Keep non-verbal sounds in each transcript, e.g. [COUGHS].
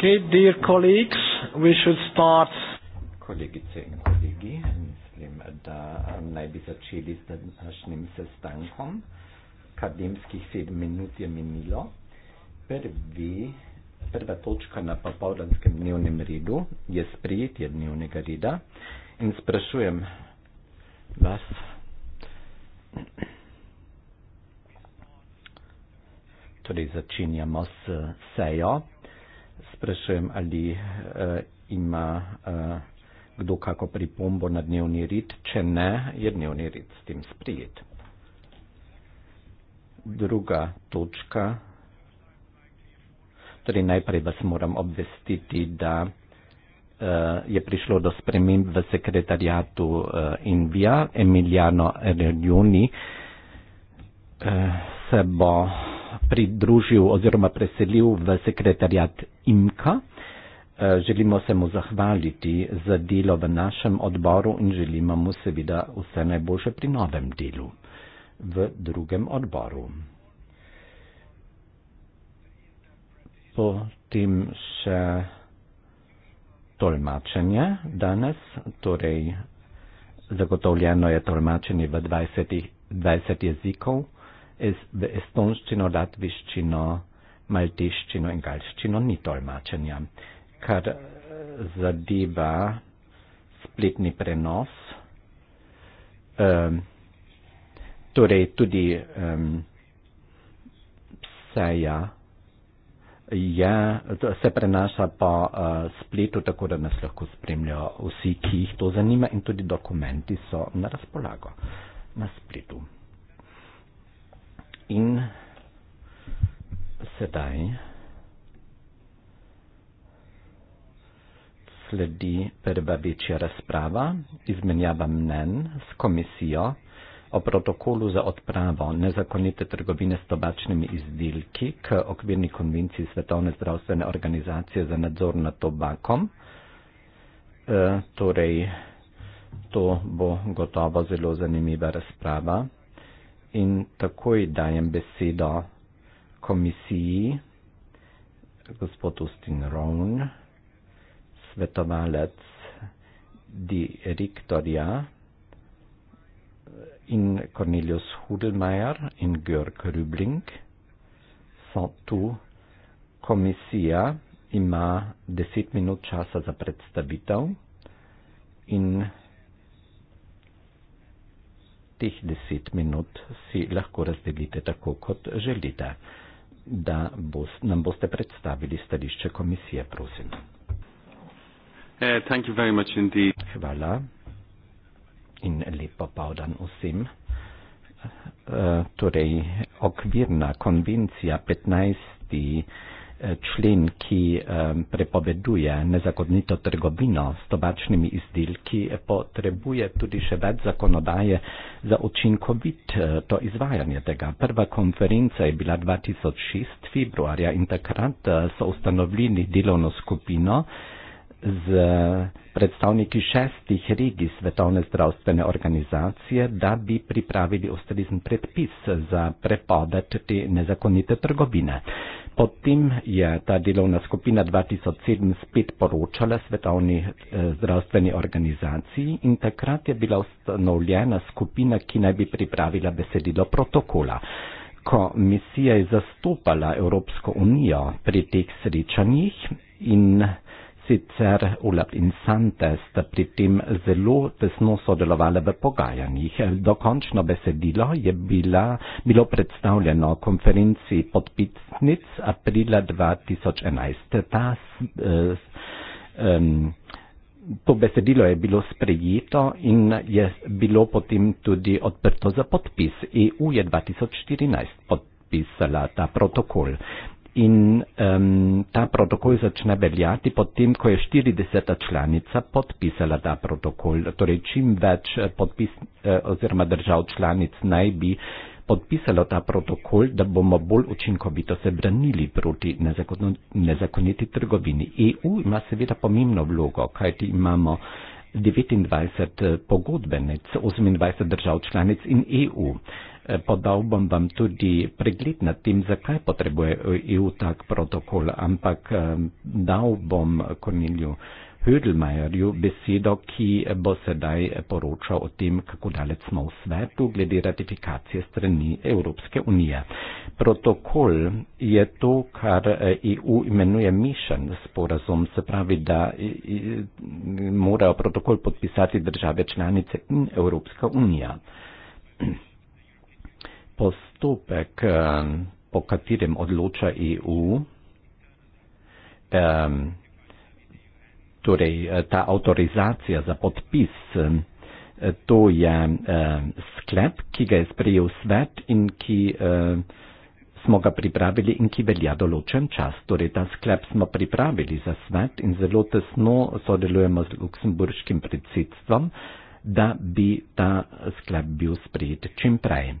Okay, dear colleagues, we should start. Kolegice in kolegi, mislim, da naj bi začeli z današnjim sestankom. Akademskih sedem minut je minilo. Prvi, prva točka na popoldanskem dnevnem redu je sprejetje dnevnega reda in sprašujem vas, torej začenjamo s sejo. Sprašujem, ali uh, ima uh, kdo kako pripombo na dnevni red. Če ne, je dnevni red s tem sprijet. Druga točka. Torej najprej vas moram obvestiti, da uh, je prišlo do sprememb v sekretarijatu uh, Invija. Emiliano Reljuni uh, se bo. Uh, pridružil oziroma preselil v sekretarjat IMKA. E, želimo se mu zahvaliti za delo v našem odboru in želimo mu seveda vse najboljše pri novem delu v drugem odboru. Potem še tolmačenje danes, torej zagotovljeno je tolmačenje v 20, 20 jezikov es, v estonščino, latviščino, maltiščino in galščino ni tolmačenja. Kar eh, zadeva spletni prenos, um, torej tudi um, seja je, se prenaša po uh, spletu, tako da nas lahko spremljajo vsi, ki jih to zanima in tudi dokumenti so na razpolago na spletu in sedaj sledi prva večja razprava, izmenjava mnen s komisijo o protokolu za odpravo nezakonite trgovine s tobačnimi izdelki k okvirni konvenciji Svetovne zdravstvene organizacije za nadzor nad tobakom. E, torej, to bo gotovo zelo zanimiva razprava in takoj dajem besedo komisiji, gospod Ustin Roun, svetovalec direktorja in Cornelius Hudelmeier in Görg Rübling so tu. Komisija ima deset minut časa za predstavitev in teh deset minut si lahko razdelite tako, kot želite. Da bos, nam boste predstavili stališče komisije, prosim. Eh, Hvala in lepo povdan vsem. Eh, torej, okvirna konvencija 15. Eh, člen, ki eh, prepoveduje nezakonito trgovino s tobačnimi izdelki, potrebuje tudi še več zakonodaje za učinkovit eh, to izvajanje tega. Prva konferenca je bila 2006 februarja in takrat so ustanovili delovno skupino z predstavniki šestih regij Svetovne zdravstvene organizacije, da bi pripravili ustrezen predpis za prepoved te nezakonite trgovine. Potem je ta delovna skupina 2007 spet poročala Svetovni eh, zdravstveni organizaciji in takrat je bila ustanovljena skupina, ki naj bi pripravila besedilo protokola. Ko misija je zastopala Evropsko unijo pri teh srečanjih in sicer Ulab in Santes pri tem zelo tesno sodelovali v pogajanjih. Dokončno besedilo je bila, bilo predstavljeno konferenci podpisnic aprila 2011. Ta, eh, eh, To besedilo je bilo sprejeto in je bilo potem tudi odprto za podpis. EU je 2014 podpisala ta protokol in um, ta protokol začne veljati potem, ko je 40. članica podpisala ta protokol. Torej, čim več eh, podpis eh, oziroma držav članic naj bi podpisalo ta protokol, da bomo bolj učinkovito se branili proti nezakon nezakoniti trgovini. EU ima seveda pomembno vlogo, kajti imamo 29 pogodbenic, 28 držav članic in EU. Eh, podal bom vam tudi pregled nad tim, zakaj potrebuje EU tak protokol, ampak eh, dal bom Kornilju Hödelmajerju besedo, ki bo sedaj poročal o tem, kako daleč smo v svetu glede ratifikacije strani Evropske unije. Protokol je to, kar EU eh, e imenuje mišen sporazum, se pravi, da morajo protokol podpisati države članice in Evropska unija postopek, eh, po katerem odloča EU, eh, torej eh, ta avtorizacija za podpis, to je sklep, ki ga je sprejel svet in ki smo ga pripravili in ki velja določen čas. Torej, ta sklep smo pripravili za svet in zelo tesno sodelujemo z luksemburškim predsedstvom, da bi ta sklep bil sprejet čim prej.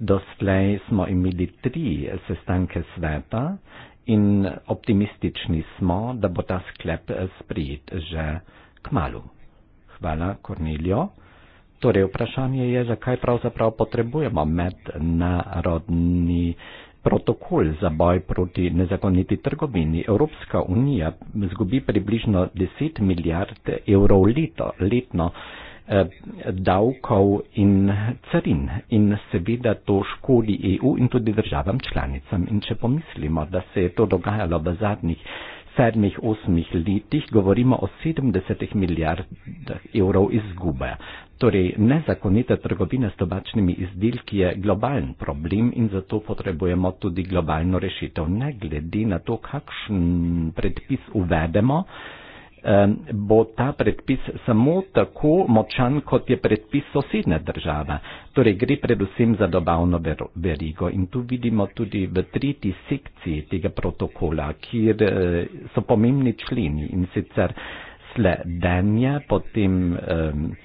Doslej smo imeli tri sestanke sveta in optimistični smo, da bo ta sklep eh, sprejet že k malu. Hvala, Kornelijo. Torej, vprašanje je, zakaj pravzaprav potrebujemo mednarodni protokol za boj proti nezakoniti trgovini. Evropska unija zgubi približno 10 milijard evrov leto, letno. letno. Eh, davkov in carin in seveda to škodi EU in tudi državam članicam. In če pomislimo, da se je to dogajalo v zadnjih sedmih, osmih letih, govorimo o 70 milijardah evrov izgube. Torej, nezakonita trgovina s tobačnimi izdelki je globalen problem in zato potrebujemo tudi globalno rešitev. Ne glede na to, kakšen predpis uvedemo, bo ta predpis samo tako močan, kot je predpis sosednja država. Torej gre predvsem za dobavno verigo in tu vidimo tudi v tretji sekciji tega protokola, kjer eh, so pomembni členi in sicer sledenje, potem um,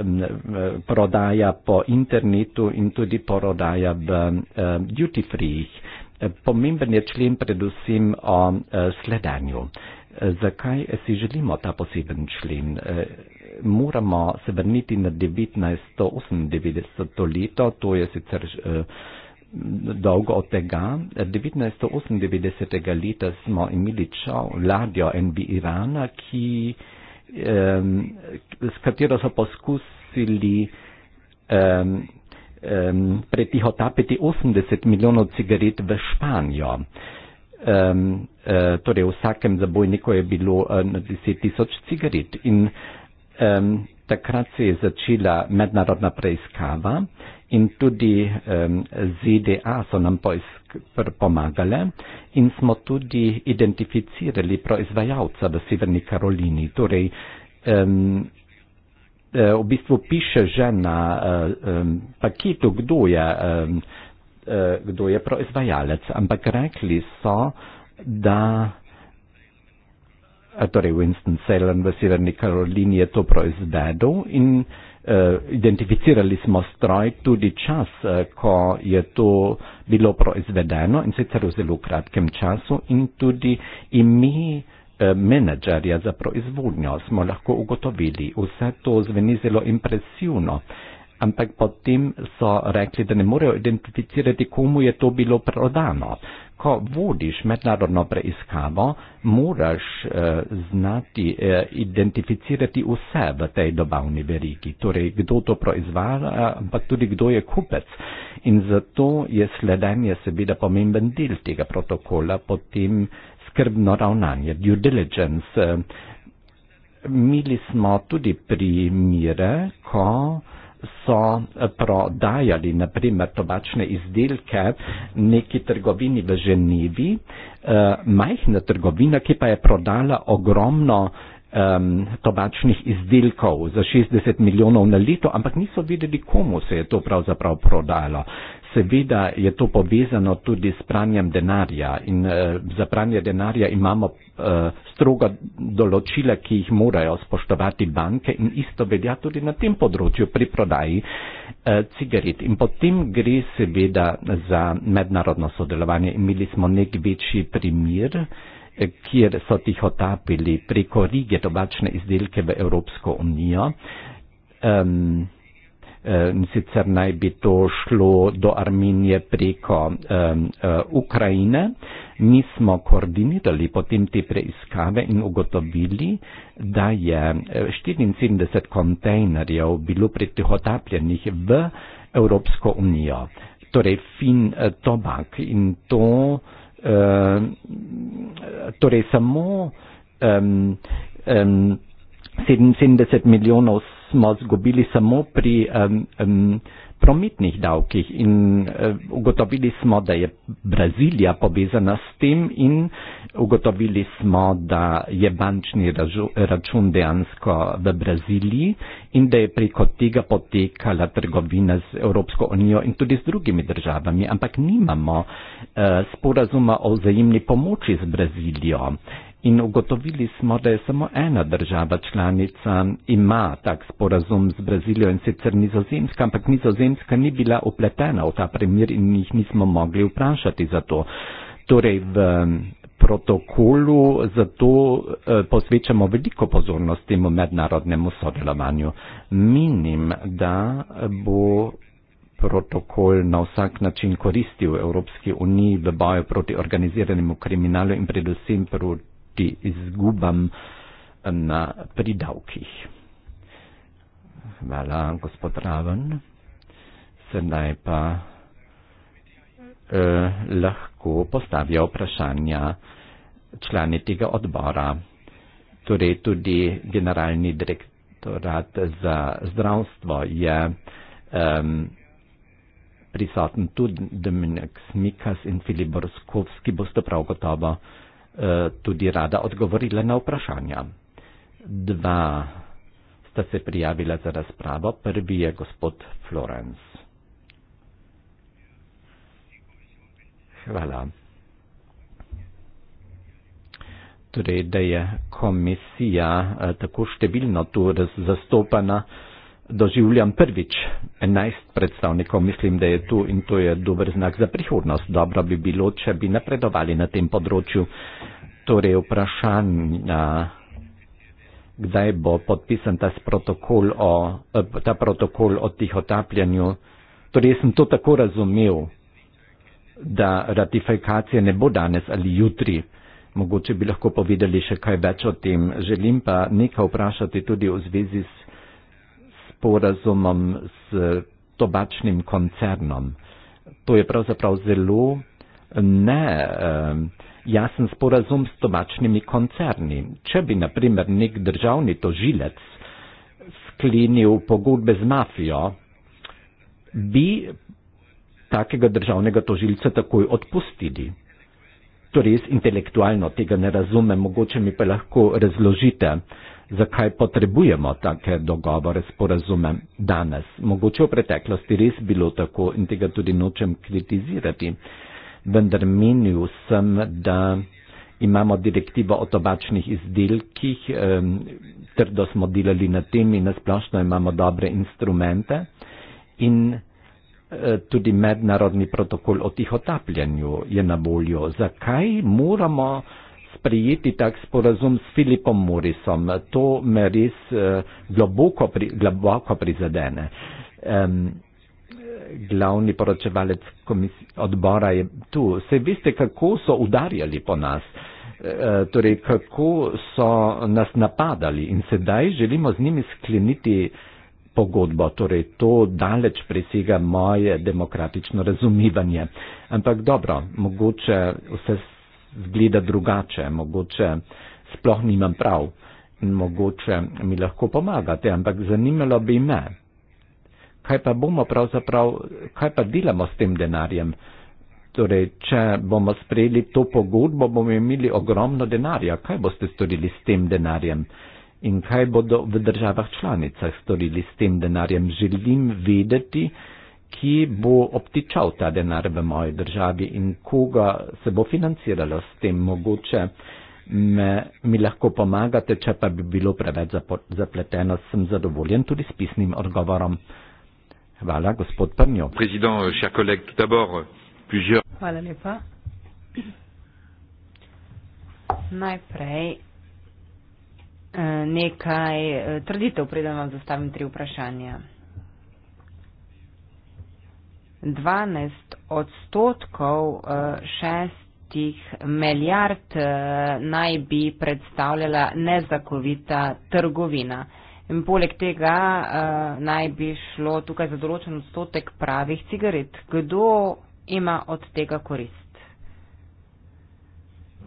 um, prodaja po internetu in tudi prodaja v um, duty free. Pomemben je člen predvsem o uh, sledenju. Zakaj si želimo ta poseben člen? E, moramo se vrniti na 1998 leto, to je sicer e, dolgo od tega. 1998 leta smo imeli čov ladjo NB Irana, ki, um, s katero so poskusili um, um, pretihotapiti 80 milijonov cigaret v Španijo. Um, um, uh, torej vsakem zabojniku je bilo uh, na 10 tisoč cigaret. In um, takrat se je začela mednarodna preiskava in tudi um, ehm, ZDA so nam pomagale in smo tudi identificirali proizvajalca v Severni Karolini. Torej, um, V bistvu piše že na um, paketu, kdo je um, Eh, kdo je proizvajalec, ampak rekli so, da. Torej, Winston Salem v Severni Karolini je to proizvedel in uh, identificirali smo stroj tudi čas, uh, ko je to bilo proizvedeno in sicer v zelo kratkem času in tudi ime uh, menedžerja za proizvodnjo smo lahko ugotovili. Vse to zveni zelo impresivno. Uh, ampak potem so rekli, da ne morejo identificirati, komu je to bilo prodano. Ko vodiš mednarodno preiskavo, moraš eh, znati eh, identificirati vse v tej dobavni verigi, torej kdo to proizvaja, ampak tudi kdo je kupec. In zato je sledenje seveda pomemben del tega protokola, potem skrbno ravnanje, due diligence. Eh, Mili smo tudi primere, ko so eh, prodajali naprimer tobačne izdelke neki trgovini v Ženevi, eh, majhna trgovina, ki pa je prodala ogromno tobačnih izdelkov za 60 milijonov na leto, ampak niso videli, komu se je to pravzaprav prodalo. Seveda je to povezano tudi s pranjem denarja in eh, za pranje denarja imamo eh, stroga določila, ki jih morajo spoštovati banke in isto velja tudi na tem področju pri prodaji eh, cigaret. In potem gre seveda za mednarodno sodelovanje. Imeli smo nek večji primir, kjer so tih otapili preko Rige tobačne izdelke v Evropsko unijo. Um, in sicer naj bi to šlo do Arminije preko um, uh, Ukrajine. Mi smo koordinirali potem te preiskave in ugotovili, da je 74 e, kontejnerjev bilo pretihotapljenih v Evropsko unijo, torej fin uh, tobak in to, uh, torej samo um, um, 77 milijonov smo zgubili samo pri um, um, prometnih davkih in uh, ugotovili smo, da je Brazilija povezana s tem in ugotovili smo, da je bančni račun dejansko v Braziliji in da je preko tega potekala trgovina z Evropsko unijo in tudi z drugimi državami, ampak nimamo uh, sporazuma o vzajemni pomoči z Brazilijo. Uh, in ugotovili smo, da je samo ena država članica ima tak sporazum z Brazilijo in sicer Nizozemska, ampak Nizozemska ni bila upletena v ta primer in jih nismo mogli vprašati za to. Torej v protokolu zato eh, posvečamo veliko pozornosti temu mednarodnemu sodelovanju. Menim, da bo protokol na vsak način koristil Evropski uniji v boju proti organiziranemu kriminalu in predvsem proti proti izgubam na pridavkih. Hvala, gospod Raven. Sedaj pa eh, lahko postavijo vprašanja člani tega odbora, torej tudi generalni direktorat za zdravstvo je um, prisoten tudi Dominik Smikas in Filip Borskovski, boste prav gotovo uh, Eh, tudi rada odgovorila na vprašanja. Dva sta se prijavila za razpravo. Prvi je gospod Florence. Hvala. Torej, da je komisija eh, tako številno tu zastopana, doživljam prvič. 11 predstavnikov mislim, da je tu in to je dober znak za prihodnost. Dobro bi bilo, če bi napredovali na tem področju. Torej, vprašanje, kdaj bo podpisan ta protokol o, eh, ta protokol o tih otapljanju. Torej, jaz sem to tako razumel, da ratifikacija ne bo danes ali jutri. Mogoče bi lahko povedali še kaj več o tem. Želim pa nekaj vprašati tudi v zvezi s sporazumom s tobačnim koncernom. To je pravzaprav zelo ne eh, jasen sporazum s tobačnimi koncerni. Če bi, na primer, nek državni tožilec sklenil pogodbe z mafijo, bi takega državnega tožilca takoj odpustili. To res intelektualno tega ne razumem, mogoče mi pa lahko razložite zakaj potrebujemo take dogovore, sporazume danes. Mogoče v preteklosti res bilo tako in tega tudi nočem kritizirati, vendar menil sem, da imamo direktivo o tobačnih izdelkih, trdo smo delali na tem in nasplošno imamo dobre instrumente in e, tudi mednarodni protokol o tihotapljanju je na voljo. Zakaj moramo sprijeti tak sporazum s Filipom Morisom. To me res eh, globoko, pri, globoko prizadene. Um, glavni poročevalec odbora je tu. Se veste, kako so udarjali po nas, e, torej kako so nas napadali in sedaj želimo z njimi skleniti pogodbo. Torej to daleč presega moje demokratično razumivanje. Ampak dobro, mogoče vse zgleda drugače, mogoče sploh nimam prav in mogoče mi lahko pomagate, ampak zanimalo bi me, kaj pa bomo pravzaprav, kaj pa delamo s tem denarjem. Torej, če bomo sprejeli to pogodbo, bomo imeli ogromno denarja. Kaj boste storili s tem denarjem? In kaj bodo v državah članicah storili s tem denarjem? Želim vedeti, ki bo obtičal ta denar v moji državi in koga se bo financiralo s tem mogoče. Me, mi lahko pomagate, če pa bi bilo preveč zapleteno, sem zadovoljen tudi s pisnim odgovorom. Hvala, gospod Prnjo. Euh, euh, Hvala lepa. Najprej euh, nekaj trditev, predem vam zastavim tri vprašanja. 12 odstotkov eh, šestih milijard eh, naj bi predstavljala nezakovita trgovina. In poleg tega eh, naj bi šlo tukaj za določen odstotek pravih cigaret. Kdo ima od tega korist?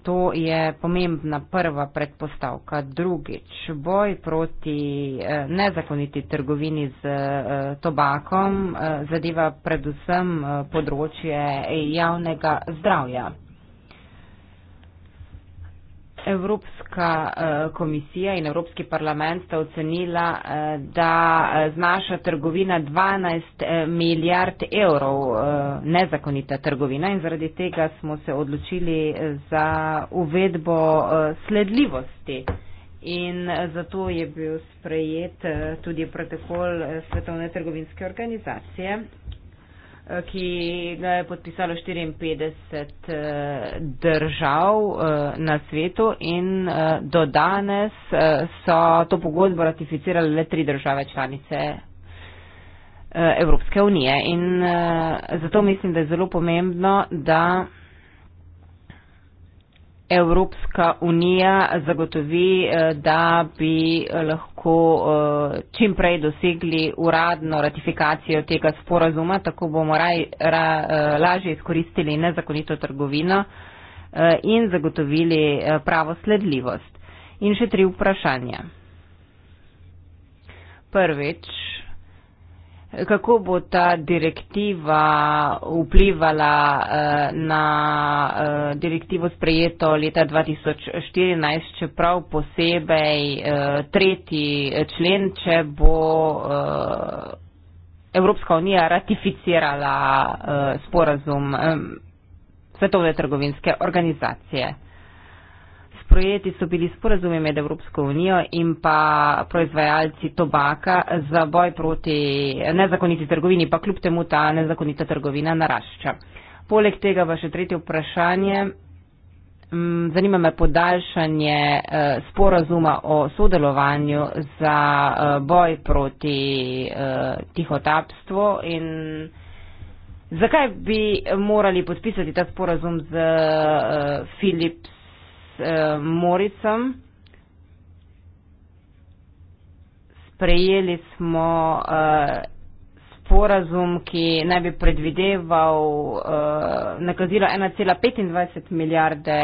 to je pomembna prva predpostavka. Drugič, boj proti eh, nezakoniti trgovini z eh, tobakom eh, zadeva predvsem področje javnega zdravja. Evropska eh, komisija in Evropski parlament sta ocenila, eh, da eh, znaša trgovina 12 milijard evrov nezakonita trgovina in zaradi tega smo se odločili za uvedbo sledljivosti. In zato je bil sprejet tudi protokol Svetovne trgovinske organizacije ki ga je podpisalo 54 eh, držav eh, na svetu in eh, do danes so to pogodbo ratificirale le tri države članice Evropske unije. In zato mislim, da je zelo pomembno, da Evropska unija zagotovi, da bi lahko lahko uh, čim prej dosegli uradno ratifikacijo tega sporazuma, tako bomo raj, ra, uh, lažje izkoristili nezakonito trgovino uh, in zagotovili uh, pravo sledljivost. In še tri vprašanja. Prvič, uh, Kako bo ta direktiva vplivala uh, na uh, direktivo sprejeto leta 2014, čeprav posebej uh, tretji člen, če bo uh, Evropska unija ratificirala uh, sporazum um, Svetovne trgovinske organizacije? sprejeti so bili sporazumi med Evropsko unijo in pa proizvajalci tobaka za boj proti nezakoniti trgovini, pa kljub temu ta nezakonita trgovina narašča. Poleg tega pa še tretje vprašanje. Mm, zanima me podaljšanje eh, sporazuma o sodelovanju za eh, boj proti eh, tihotapstvu in zakaj bi morali podpisati ta sporazum z Philips Eh, Moricom. Sprejeli smo eh, sporazum, ki naj bi predvideval eh, nakazilo 1,25 milijarde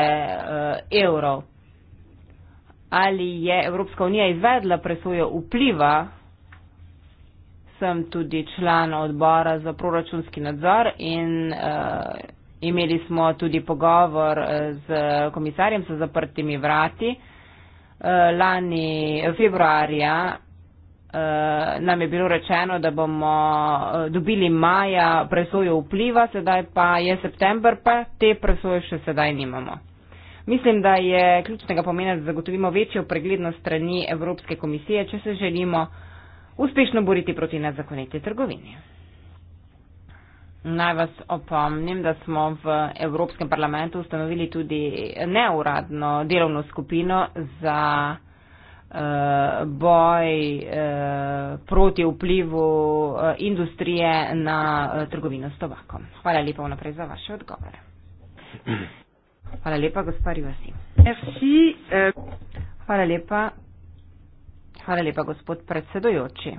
evrov. Ali je Evropska unija izvedla presojo vpliva? Sem tudi član odbora za proračunski nadzor in uh, Imeli smo tudi pogovor eh, z komisarjem sa zaprtimi vrati. Eh, lani eh, februarja nam je bilo rečeno, da bomo dobili maja presojo vpliva, sedaj pa je september, pa te presoje še sedaj nimamo. Mislim, da je ključnega pomena, da zagotovimo večjo preglednost strani Evropske komisije, če se želimo uspešno boriti proti nezakoniti trgovini. Naj vas opomnim, da smo v Evropskem parlamentu ustanovili tudi neuradno delovno skupino za eh, boj eh, proti vplivu eh, industrije na trgovino s tobakom. Hvala lepa vnaprej za vaše odgovore. Hvala lepa, gospa Rivasi. Merci. Hvala lepa. Hvala lepa, gospod predsedojoči.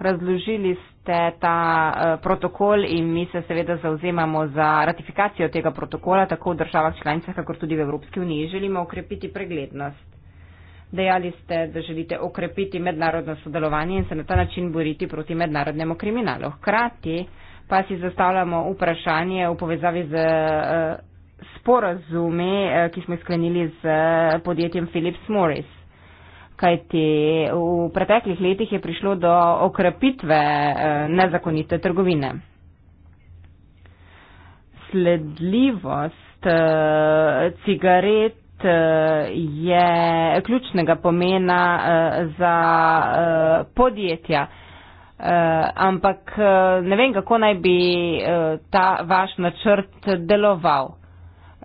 Razložili ste ta uh, protokol in mi se seveda zauzemamo za ratifikacijo tega protokola, tako v državah članicah, kakor tudi v Evropski uniji. Želimo okrepiti preglednost. Dejali ste, da želite okrepiti mednarodno sodelovanje in se na ta način boriti proti mednarodnemu kriminalu. Hkrati pa si zastavljamo vprašanje v povezavi z. Uh, sporazumi, eh, ki smo sklenili z podjetjem Philips Morris kajti v preteklih letih je prišlo do okrepitve eh, nezakonite trgovine. Sledljivost eh, cigaret eh, je ključnega pomena za podjetja. Ampak ne vem, kako naj bi ta vaš načrt deloval.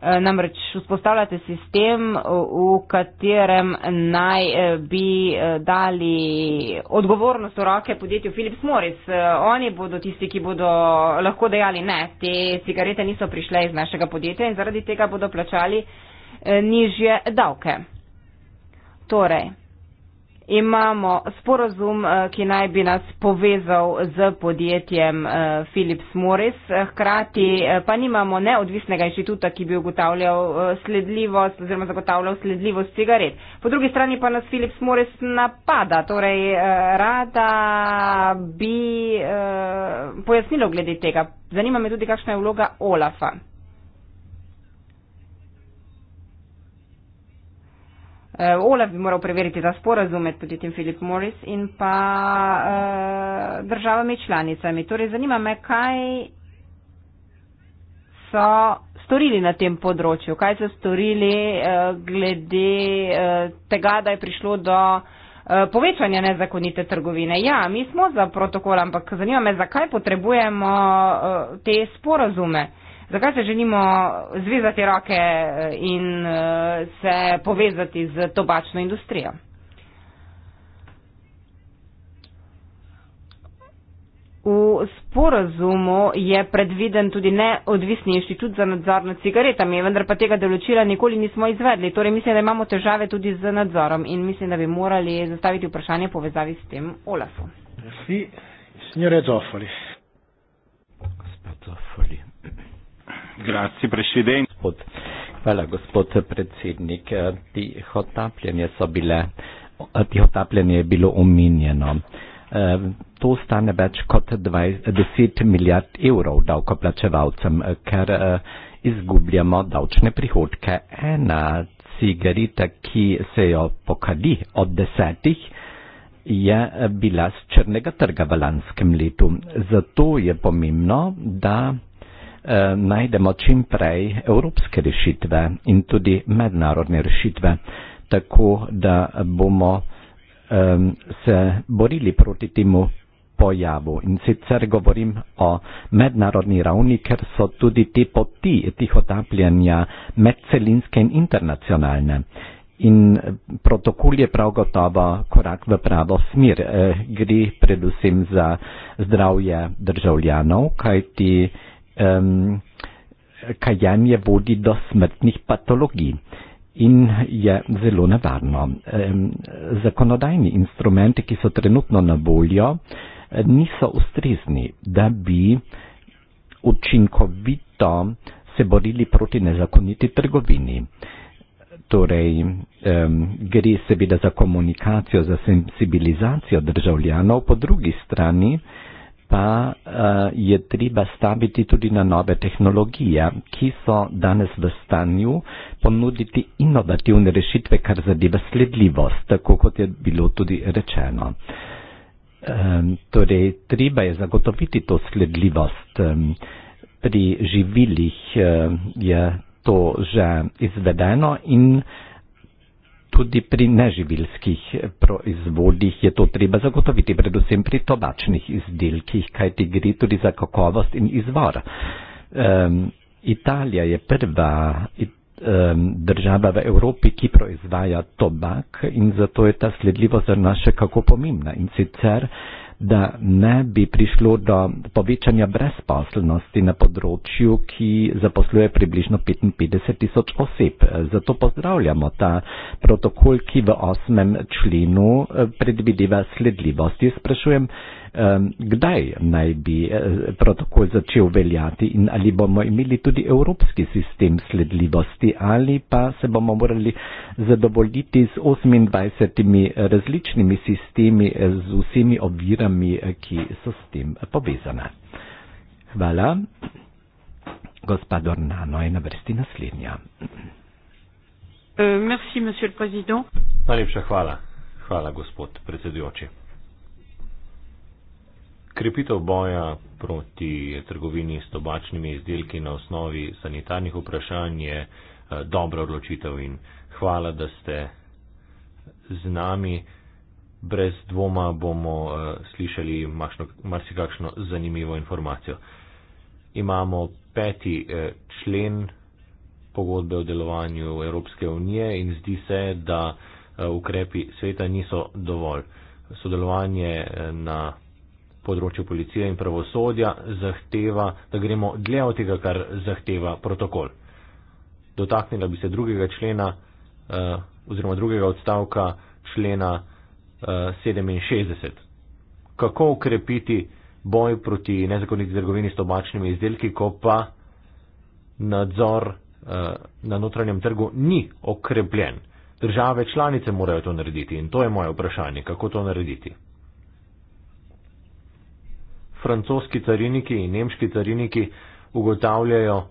Eh, namreč vzpostavljate sistem, v katerem naj eh, bi eh, dali odgovornost v roke podjetju Philips Morris. Oni bodo tisti, ki bodo lahko dejali ne, te cigarete niso prišle iz našega podjetja in zaradi tega bodo plačali nižje davke. Torej imamo sporozum, eh, ki naj bi nas povezal z podjetjem eh, Philips Morris. Hkrati eh, pa nimamo neodvisnega inštituta, ki bi ugotavljal sledljivost oziroma zagotavljal sledljivost cigaret. Po drugi strani pa nas Philips Morris napada. Torej, rada bi pojasnilo glede tega. Zanima me tudi, kakšna je vloga Olafa. uh, Olaf bi moral preveriti ta sporazum med podjetjem Philip Morris in pa uh, državami članicami. Torej, zanima me, kaj so storili na tem področju, kaj so storili uh, glede uh, tega, da je prišlo do povečanja nezakonite trgovine. Ja, mi smo za protokol, ampak zanima me, zakaj potrebujemo te sporazume. Zakaj se želimo zvezati roke eh, in eh, se povezati z tobačno industrijo? V sporazumu je predviden tudi neodvisni inštitut za nadzor nad cigaretami, vendar pa tega določila nikoli nismo izvedli. Torej mislim, da imamo težave tudi z nadzorom in mislim, da bi morali zastaviti vprašanje povezavi s tem Olafom. Merci, signore Zoffoli. Gospod Zoffoli. Grazie Presidente. Gospod, hvala gospod predsednik. Tihotapljenje, bile, tihotapljenje je bilo omenjeno. To stane več kot 10 milijard evrov davkoplačevalcem, ker izgubljamo davčne prihodke. Ena cigareta, ki se jo pokadi od desetih, je bila z črnega trga v lanskem letu. Zato je pomembno, da Eh, najdemo čim prej evropske rešitve in tudi mednarodne rešitve, tako da bomo se borili proti temu pojavu. In sicer govorim o mednarodni ravni, ker so tudi te poti tih otapljanja medcelinske in internacionalne. In eh, protokol je prav gotovo korak v pravo smer. Eh, gre predvsem za zdravje državljanov, kajti ähm, kajanje vodi do smrtnih patologij in je zelo nevarno. Ehm, zakonodajni instrumenti, ki so trenutno na voljo, niso ustrezni, da bi učinkovito se borili proti nezakoniti trgovini. Torej, ehm, gre seveda za komunikacijo, za sensibilizacijo državljanov, po drugi strani pa uh, je treba staviti tudi na nove tehnologije, ki so danes v stanju ponuditi inovativne rešitve, kar zadeva sledljivost, tako kot je bilo tudi rečeno. Um, torej, treba je zagotoviti to sledljivost. Um, pri živilih um, je to že izvedeno in tudi pri neživilskih proizvodih je to treba zagotoviti, predvsem pri tobačnih izdelkih, kaj ti gre tudi za kakovost in izvor. Um, Italija je prva um, država v Evropi, ki proizvaja tobak in zato je ta sledljivost za naše kako pomembna. In sicer uh, da ne bi prišlo do povečanja brezposelnosti na področju, ki zaposluje približno 55 tisoč oseb. Zato pozdravljamo ta protokol, ki v osmem členu eh, predvideva sledljivost. Jaz sprašujem, kdaj naj bi eh, protokol začel veljati in ali bomo imeli tudi evropski sistem sledljivosti ali pa se bomo morali zadovoljiti z 28 različnimi sistemi eh, z vsemi ovirami, eh, ki so s tem povezane. Hvala. Gospa Dornano je na vrsti naslednja. Merci, monsieur le président. Najlepša hvala. Hvala, gospod predsedujoči. Krepitev boja proti trgovini s tobačnimi izdelki na osnovi sanitarnih vprašanj je eh, dobra odločitev in hvala, da ste z nami. Brez dvoma bomo eh, slišali marsikakšno zanimivo informacijo. Imamo peti eh, člen pogodbe o delovanju Evropske unije in zdi se, da ukrepi sveta niso dovolj. Sodelovanje na področju policije in pravosodja zahteva, da gremo dlje od tega, kar zahteva protokol. Dotaknila bi se drugega člena eh, oziroma drugega odstavka člena 67. Eh, kako ukrepiti boj proti nezakoniti trgovini s tobačnimi izdelki, ko pa nadzor eh, na notranjem trgu ni okrepljen. Države članice morajo to narediti in to je moje vprašanje, kako to narediti francoski tariniki in nemški tariniki ugotavljajo,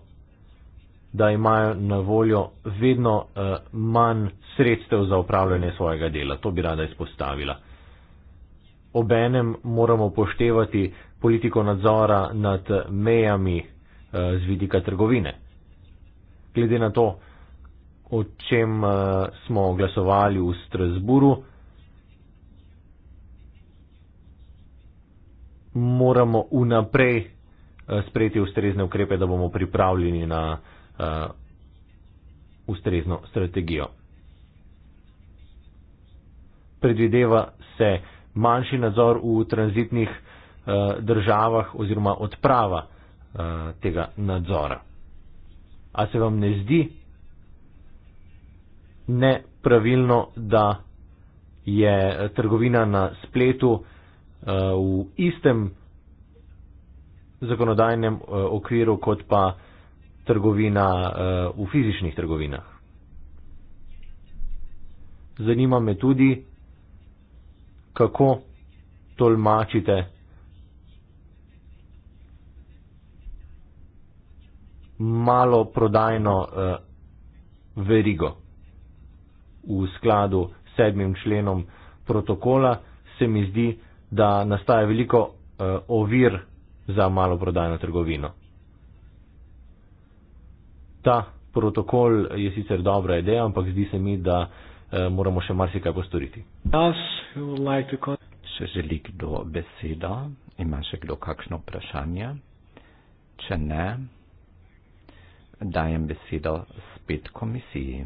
da imajo na voljo vedno uh, manj sredstev za upravljanje svojega dela. To bi rada izpostavila. Obenem moramo poštevati politiko nadzora nad mejami uh, z vidika trgovine. Glede na to, o čem uh, smo glasovali v Strasburu, moramo vnaprej eh, sprejeti ustrezne ukrepe, da bomo pripravljeni na eh, ustrezno strategijo. Predvideva se manjši nadzor v tranzitnih eh, državah oziroma odprava tega nadzora. A se vam ne zdi nepravilno, da je trgovina na spletu Eh, v istem zakonodajnem eh, okviru, kot pa trgovina eh, v fizičnih trgovinah. Zanima me tudi, kako tolmačite malo prodajno verigo. V skladu s sedmim členom protokola se mi zdi, da nastaja veliko uh, ovir za malo prodajno trgovino. Ta protokol je sicer dobra ideja, ampak zdi se mi, da uh, moramo še marsikaj postoriti. Če želi kdo besedo, ima še kdo kakšno vprašanje? Če ne, dajem besedo spet komisiji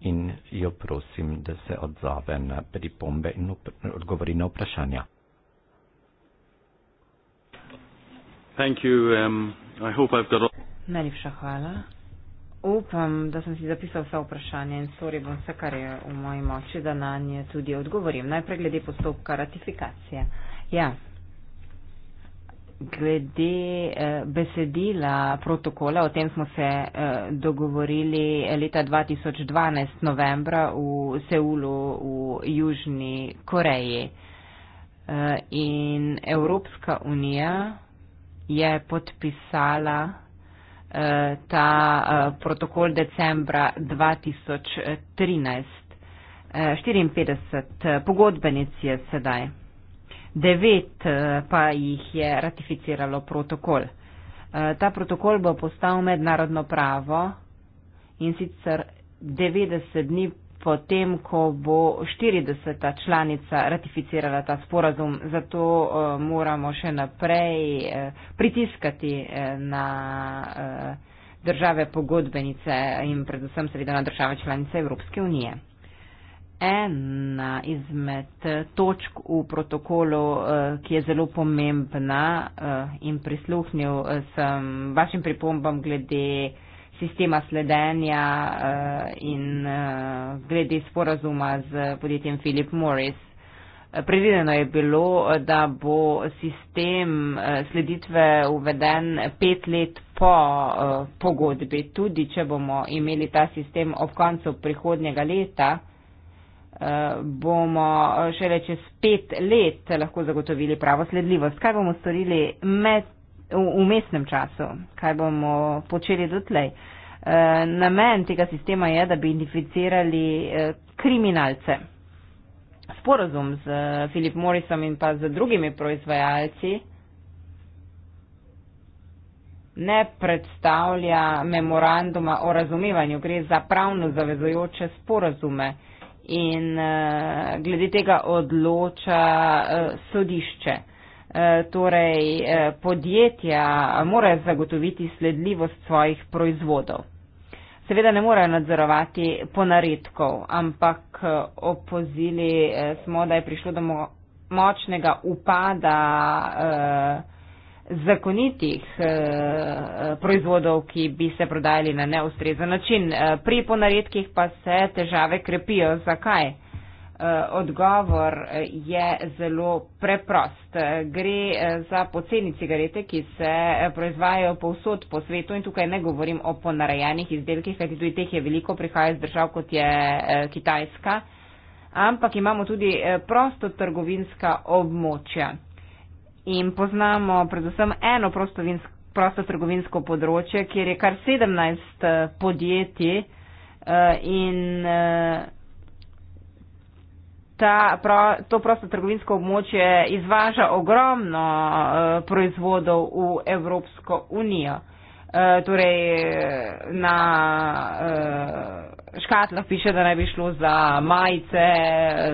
in jo prosim, da se odzove na pripombe in odgovori na vprašanja. Um, Najlepša hvala. Upam, da sem si zapisal vsa vprašanja in sori bom vse, kar je v moji moči, da na nje tudi odgovorim. Najprej glede postopka ratifikacije. Ja, glede eh, besedila protokola, o tem smo se eh, dogovorili leta 2012 novembra v Seulu v Južni Koreji. Eh, in Evropska unija je podpisala eh, ta eh, protokol decembra 2013. 54 eh, eh, pogodbenic je sedaj devet eh, pa jih je ratificiralo protokol. Eh, ta protokol bo postal mednarodno pravo in sicer 90 dni potem, ko bo 40. članica ratificirala ta sporazum. Zato eh, moramo še naprej pritiskati na države pogodbenice in predvsem seveda na države članice Evropske unije ena izmed točk v protokolu, eh, ki je zelo pomembna eh, in prisluhnil eh, sem vašim pripombam glede sistema sledenja in glede sporazuma z podjetjem Philip Morris. Predvideno je bilo, da bo sistem sleditve uveden pet let po pogodbi, tudi če bomo imeli ta sistem ob koncu prihodnjega leta bomo eh, šele čez pet let lahko zagotovili pravo sledljivost. Kaj bomo storili med, v, v mestnem času? Kaj bomo počeli dotlej? Eh, namen tega sistema je, da bi identificirali eh, kriminalce. Sporazum z Philip Morrisom in pa z drugimi proizvajalci ne predstavlja memoranduma o razumevanju. Gre za pravno zavezojoče sporazume. Uh, in uh, glede tega odloča uh, sodišče. Eh, torej, podjetja morajo zagotoviti sledljivost svojih proizvodov. Seveda ne morajo nadzorovati ponaredkov, ampak opozili smo, da je prišlo do močnega upada eh, zakonitih eh, proizvodov, ki bi se prodajali na neustrezen način. Eh, pri ponaredkih pa se težave krepijo. Zakaj? Eh, odgovor je zelo preprost. Gre za poceni cigarete, ki se proizvajajo povsod po svetu in tukaj ne govorim o ponarejenih izdelkih, kajti tudi teh je veliko, prihaja iz držav kot je Kitajska, ampak imamo tudi prosto trgovinska območja in poznamo predvsem eno prosto trgovinsko področje, kjer je kar 17 eh, podjetij eh, in eh, ta, to prosto trgovinsko območje izvaža ogromno proizvodov v Evropsko unijo. Torej, na škatlah piše, da naj bi šlo za majice,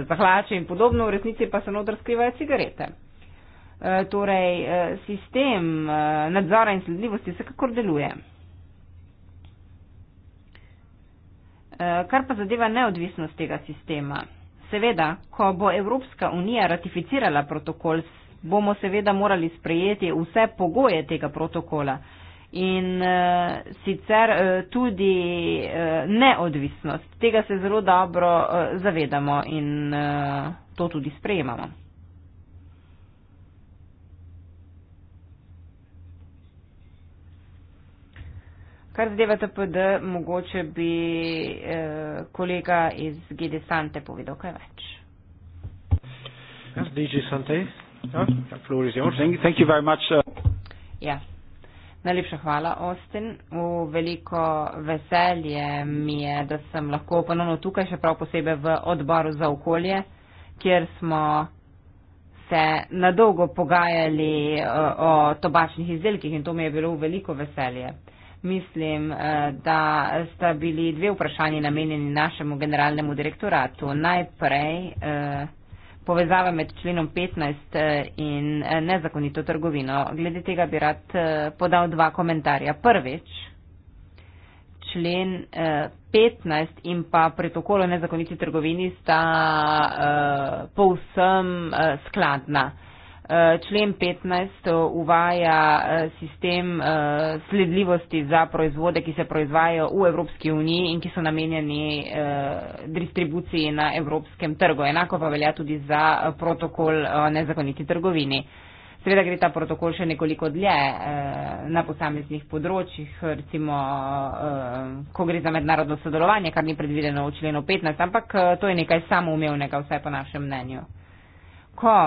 za hlače in podobno, v resnici pa se notr skrivajo cigarete. Eh, torej eh, sistem eh, nadzora in sledljivosti vsekakor deluje. Kar pa zadeva neodvisnost tega sistema. Seveda, ko bo Evropska unija ratificirala protokol, bomo seveda morali sprejeti vse pogoje tega protokola in uh, sicer uh, tudi uh, neodvisnost. Tega se zelo dobro uh, zavedamo in uh, to tudi sprejemamo. Kar zadeva TPD, mogoče bi eh, kolega iz GD Sante povedal kaj več. Ja. ja, uh. ja. Najlepša hvala, Osten. V veliko veselje mi je, da sem lahko ponovno tukaj, še prav posebej v odboru za okolje, kjer smo se nadolgo pogajali o, eh, o tobačnih izdelkih in to mi je bilo veliko veselje. Mislim, eh, da sta bili dve vprašanje namenjeni našemu generalnemu direktoratu. Najprej eh, povezava med členom 15 eh, in nezakonito trgovino. Glede tega bi rad podal dva komentarja. Prvič, člen 15 in pa protokol o nezakoniti trgovini sta povsem skladna. Eh, člen 15 eh, uvaja eh, sistem sledljivosti za proizvode, ki se proizvajajo v Evropski uniji in ki so namenjeni distribuciji na evropskem trgu. Enako pa velja tudi za protokol o nezakoniti trgovini. Seveda gre ta protokol še nekoliko dlje na posameznih področjih, recimo, ko gre za mednarodno sodelovanje, kar ni predvideno v členu 15, ampak to je nekaj samoumevnega, vsaj po našem mnenju. Ko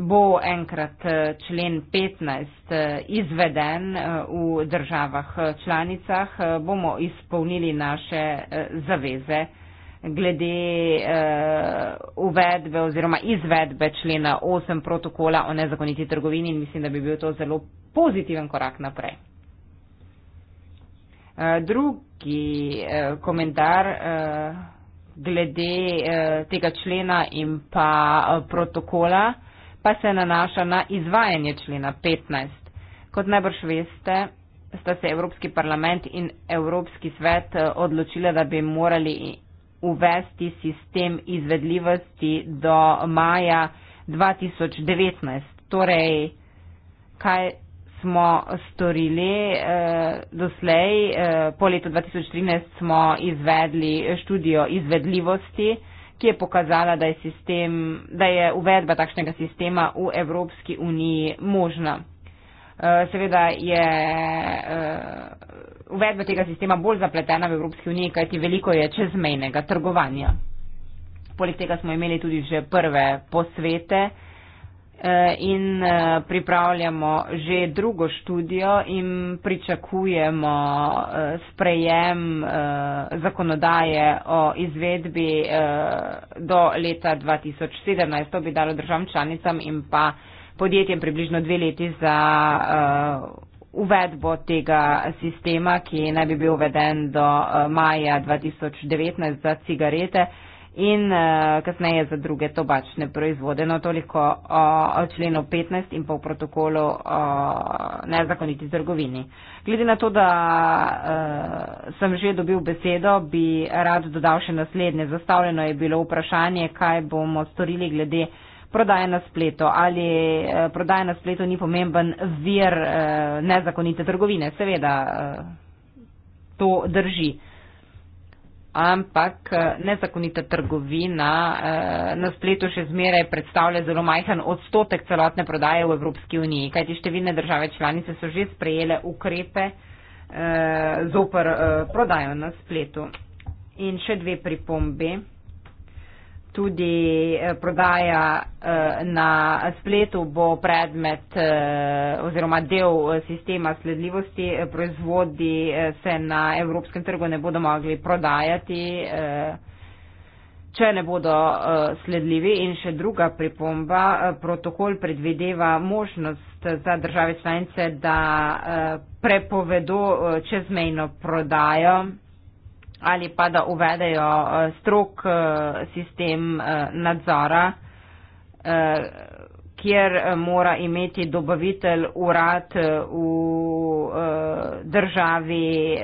bo enkrat eh, člen 15 eh, izveden eh, v državah članicah, bomo izpolnili naše zaveze glede uvedbe oziroma izvedbe člena 8 protokola o nezakoniti trgovini in mislim, da bi bil to zelo pozitiven korak naprej. Drugi komentar glede tega člena in pa protokola pa se nanaša na izvajanje člena 15. Kot najbrž veste, sta se Evropski parlament in Evropski svet eh, odločila, da bi morali uvesti sistem izvedljivosti do maja 2019. Torej, kaj smo storili eh, doslej? Eh, po letu 2013 smo izvedli študijo izvedljivosti ki je pokazala, da je, sistem, da je uvedba takšnega sistema v Evropski uniji možna. Eh, seveda je eh, uvedba tega sistema bolj zapletena v Evropski uniji, kajti veliko je čezmejnega trgovanja. Poleg tega smo imeli tudi že prve posvete, Eh, in eh, pripravljamo že drugo študijo in pričakujemo eh, sprejem zakonodaje o izvedbi do leta 2017. To bi dalo državam članicam in pa podjetjem približno dve leti za uvedbo tega sistema, ki naj bi bil uveden do maja 2019 za cigarete in uh, kasneje za druge tobačne proizvode. No, toliko o, o členu 15 in pa v protokolu o nezakoniti trgovini. Glede na to, da uh, sem že dobil besedo, bi rad dodal še naslednje. Zastavljeno je bilo vprašanje, kaj bomo storili glede prodaje na spletu. Ali uh, prodaja na spletu ni pomemben vir uh, nezakonite trgovine? Seveda, uh, to drži ampak eh, nezakonita trgovina eh, na spletu še zmeraj predstavlja zelo majhen odstotek celotne prodaje v Evropski uniji, kajti številne države članice so že sprejele ukrepe eh, zoper prodajo na spletu. In še dve pripombi tudi eh, prodaja eh, na spletu bo predmet eh, oziroma del sistema sledljivosti. Proizvodi se na evropskem trgu ne bodo mogli prodajati, če ne bodo sledljivi. In še druga pripomba, protokol predvideva možnost za države članice, da prepovedo čezmejno prodajo ali pa da uvedejo eh, strok eh, sistem eh, nadzora, kjer mora imeti dobavitelj urad v državi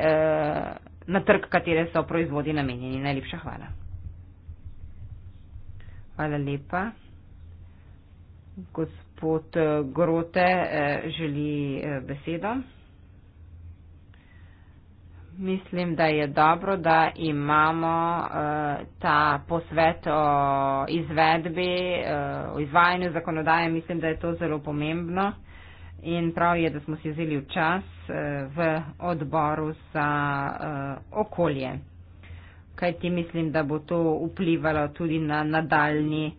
na trg, katere so proizvodi namenjeni. Najlepša hvala. Hvala lepa. Gospod Grote želi besedo mislim, da je dobro, da imamo uh, ta posvet o izvedbi, uh, o izvajanju zakonodaje. Mislim, da je to zelo pomembno in prav je, da smo si vzeli čas uh, v odboru za uh, okolje. Kaj ti mislim, da bo to vplivalo tudi na nadaljni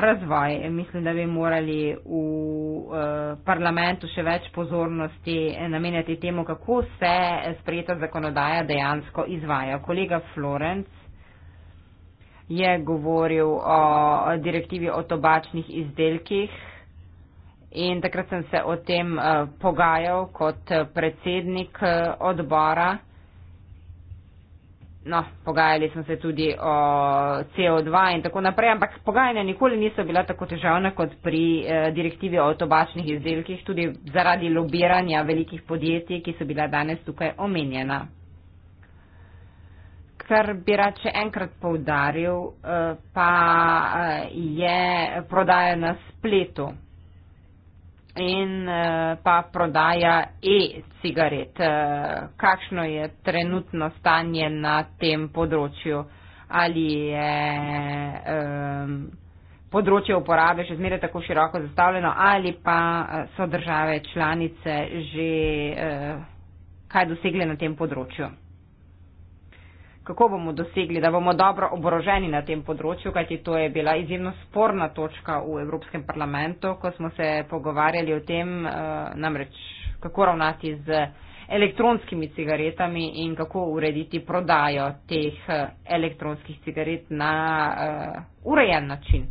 razvoj. Mislim, da bi morali v eh, parlamentu še več pozornosti namenjati temu, kako se sprejeta zakonodaja dejansko izvaja. Kolega Florenc je govoril o direktivi o tobačnih izdelkih in takrat sem se o tem eh, pogajal kot eh, predsednik odbora no, pogajali smo se tudi o CO2 in tako naprej, ampak pogajanja nikoli niso bila tako težavna kot pri eh, direktivi o tobačnih izdelkih, tudi zaradi lobiranja velikih podjetij, ki so bila danes tukaj omenjena. Kar bi rad še enkrat poudaril, eh, pa eh, je prodaja na spletu in eh, pa prodaja e-cigaret. Eh, kakšno je trenutno stanje na tem področju? Ali je um, področje uporabe še zmeraj tako široko zastavljeno ali pa eh, so države članice že uh, kaj dosegle na tem področju? kako bomo dosegli, da bomo dobro oboroženi na tem področju, kajti to je bila izjemno sporna točka v Evropskem parlamentu, ko smo se pogovarjali o tem, eh, namreč kako ravnati z elektronskimi cigaretami in kako urediti prodajo teh eh, elektronskih cigaret na eh, urejen način.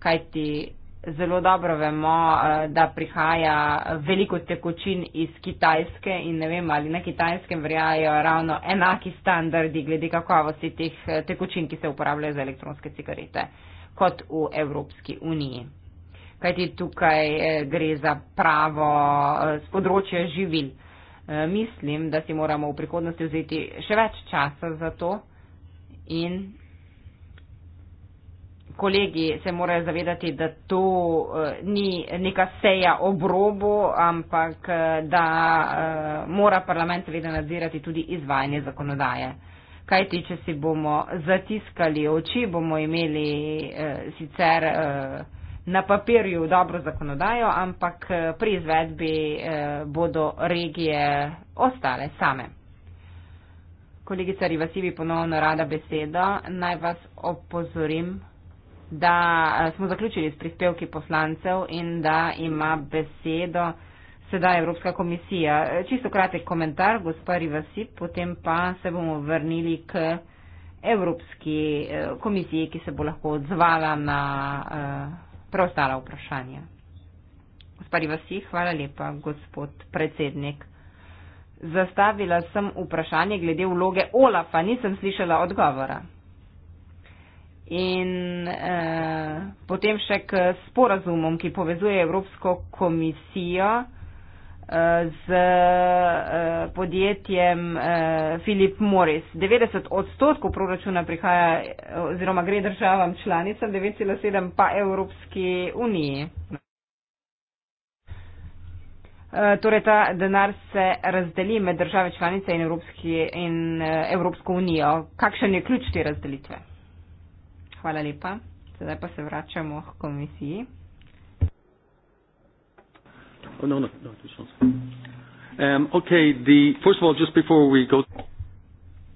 Kajti zelo dobro vemo, eh, da prihaja veliko tekočin iz Kitajske in ne vem, ali na Kitajskem verjajo ravno enaki standardi glede kakovosti teh eh, tekočin, ki se uporabljajo za elektronske cigarete, kot v Evropski uniji. Kajti tukaj eh, gre za pravo z področja živil. Mislim, da si moramo v prihodnosti vzeti še več časa za to in kolegi se morajo zavedati, da to uh, ni neka seja obrobo, ampak eh, da uh, mora parlament seveda nadzirati tudi izvajanje zakonodaje. Kaj ti, če si bomo zatiskali oči, bomo imeli uh, sicer uh, na papirju dobro zakonodajo, ampak pri izvedbi uh, bodo regije ostale same. Kolegica Rivasivi, ponovno rada besedo. Naj vas opozorim, da eh, smo zaključili s prispevki poslancev in da ima besedo sedaj Evropska komisija. Eh, čisto kratek komentar, gospa Rivasi, potem pa se bomo vrnili k Evropski eh, komisiji, ki se bo lahko odzvala na preostala vprašanja. Gospa Rivasi, hvala lepa, gospod predsednik. Zastavila sem vprašanje glede vloge Olafa, nisem slišala odgovora in eh, potem še k sporazumom, ki povezuje Evropsko komisijo eh, z eh, podjetjem eh, Philip Morris. 90 odstotkov proračuna prihaja eh, oziroma gre državam članicam, 9,7 pa Evropski uniji. Eh, torej, ta denar se razdeli med države članice in, Evropski, in eh, Evropsko unijo. Kakšen je ključ te razdelitve? hvala lepa. Sedaj pa se vračamo k komisiji. Oh, no, no, no, um, okay, the, first of all, just before we go.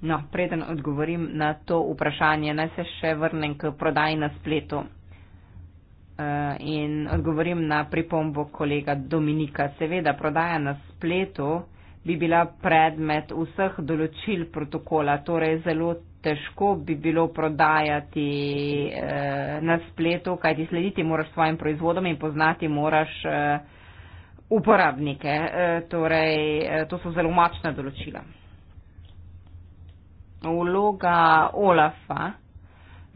No, preden odgovorim na to vprašanje, naj se še vrnem k prodaji na spletu uh, in odgovorim na pripombo kolega Dominika. Seveda, prodaja na spletu bi bila predmet vseh določil protokola, torej zelo težko bi bilo prodajati eh, na spletu, kajti slediti moraš svojim proizvodom in poznati moraš eh, uporabnike. Eh, torej, eh, to so zelo mačna določila. Uloga Olafa,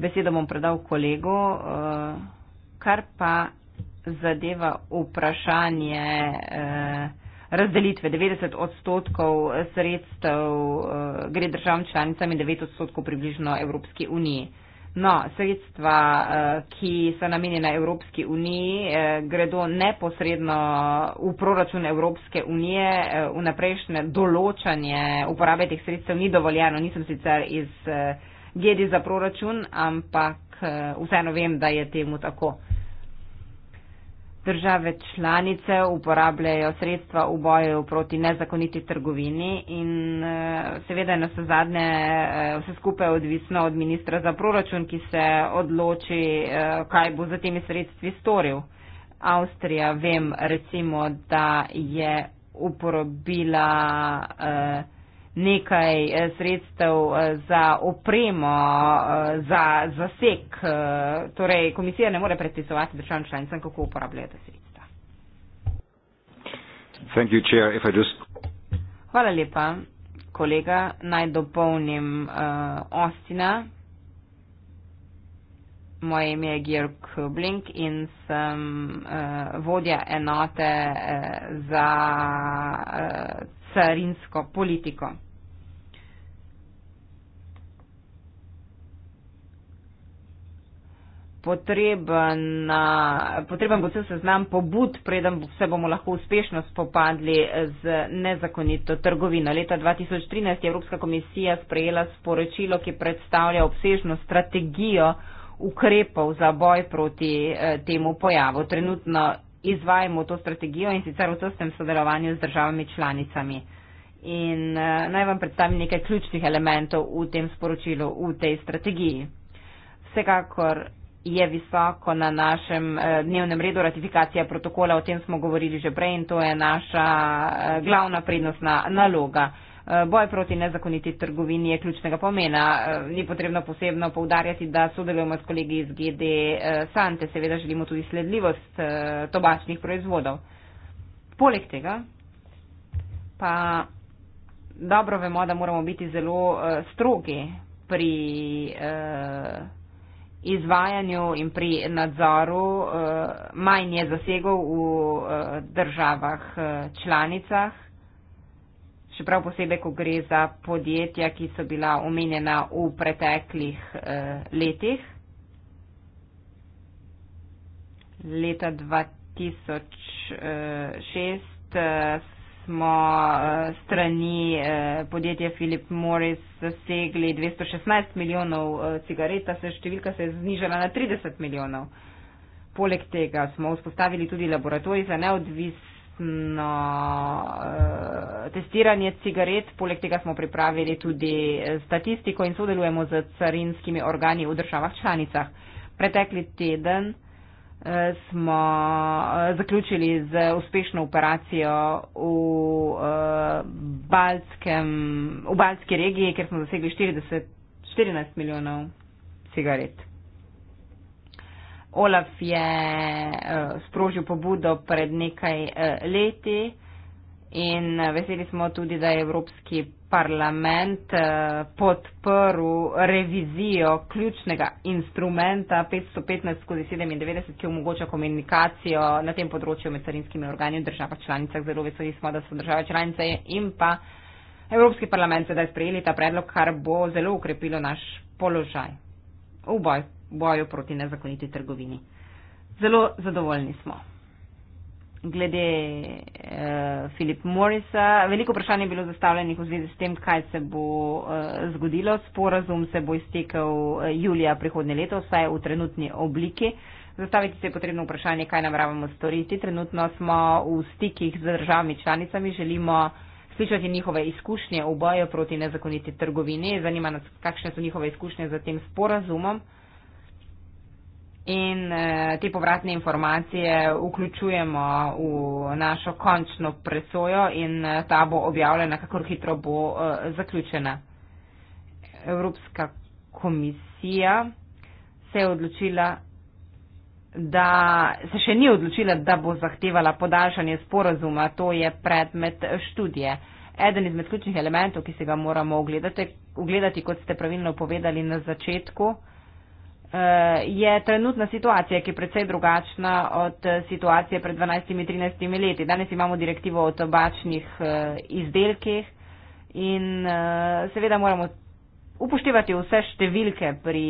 besedo bom predal kolegu, eh, kar pa zadeva vprašanje. Eh, razdelitve. 90 odstotkov sredstev eh, gre državam članicam in 9 odstotkov približno Evropski uniji. No, sredstva, eh, ki so namenjena Evropski uniji, eh, gredo neposredno v proračun Evropske unije. Vnaprejšnje določanje uporabe teh sredstev ni dovoljeno. Nisem sicer iz GEDI za proračun, ampak vseeno vem, da je temu tako. Države članice uporabljajo sredstva v boju proti nezakoniti trgovini in eh, seveda je na vse zadnje eh, vse skupaj odvisno od ministra za proračun, ki se odloči, eh, kaj bo za temi sredstvi storil. Avstrija, vem recimo, da je uporobila eh, nekaj eh, sredstev eh, za opremo, eh, za zasek. Torej, komisija ne more predpisovati državam članicam, kako uporabljajo ta sredstva. Hvala lepa, kolega. Naj dopolnim uh, Ostina. Moje ime je Georg Blink in sem uh, vodja enote uh, za uh, carinsko politiko. Potreben, potreben bo cel seznam pobud, preden se bomo lahko uspešno spopadli z nezakonito trgovino. Leta 2013 je Evropska komisija sprejela sporočilo, ki predstavlja obsežno strategijo ukrepov za boj proti e, temu pojavu. Trenutno izvajamo to strategijo in sicer v tostem sodelovanju z državami članicami. In uh, naj vam predstavim nekaj ključnih elementov v tem sporočilu, v tej strategiji. Vsekakor je visoko na našem uh, dnevnem redu ratifikacija protokola, o tem smo govorili že prej in to je naša uh, glavna prednostna naloga. Uh, Boj proti nezakoniti trgovini je ključnega pomena. Eh, ni potrebno posebno povdarjati, da sodelujemo s kolegi iz GD eh, Sante. Seveda želimo tudi sledljivost eh, tobačnih proizvodov. Poleg tega pa dobro vemo, da moramo biti zelo strogi pri izvajanju in pri nadzoru manj je zasegov v državah članicah čeprav posebej, ko gre za podjetja, ki so bila omenjena v preteklih eh, letih. Leta 2006 eh, eh, smo eh, strani eh, podjetja Philip Morris zasegli 216 milijonov eh, cigaret, ta številka se je znižala na 30 milijonov. Poleg tega smo vzpostavili tudi laboratorij za neodvisnost brezplačno uh, eh, testiranje cigaret. Poleg tega smo pripravili tudi eh, statistiko in sodelujemo z carinskimi organi v državah članicah. Pretekli teden uh, smo uh, zaključili z uspešno operacijo v, uh, Balckem, v Balski regiji, kjer smo zasegli 40, 14 milijonov cigaret. Olaf je uh, sprožil pobudo pred nekaj uh, leti in eh, veseli smo tudi, da je Evropski parlament uh, podprl revizijo ključnega instrumenta 515 skozi 97, ki omogoča komunikacijo na tem področju med carinskimi organi v državah članicah. Zelo veseli smo, da so države članice in pa Evropski parlament sedaj sprejeli ta predlog, kar bo zelo ukrepilo naš položaj. V boj boju proti nezakoniti trgovini. Zelo zadovoljni smo. Glede eh, Filip Morisa, veliko vprašanj je bilo zastavljenih v zvezi s tem, kaj se bo eh, zgodilo. Sporazum se bo iztekel eh, julija prihodnje leto, vsaj v trenutni obliki. Zastaviti se je potrebno vprašanje, kaj nameravamo storiti. Trenutno smo v stikih z državami članicami, želimo slišati njihove izkušnje v boju proti nezakoniti trgovini. Zanima nas, kakšne so njihove izkušnje z tem sporazumom in eh, te povratne informacije vključujemo v našo končno presojo in eh, ta bo objavljena, kakor hitro bo eh, zaključena. Evropska komisija se je odločila, da se še ni odločila, da bo zahtevala podaljšanje sporozuma, to je predmet študije. Eden izmed ključnih elementov, ki se ga moramo ogledati, ogledati kot ste pravilno povedali na začetku, Eh, je trenutna situacija, ki je predvsej drugačna od eh, situacije pred 12-13 leti. Danes imamo direktivo o tobačnih eh, izdelkih in seveda moramo upoštevati vse številke pri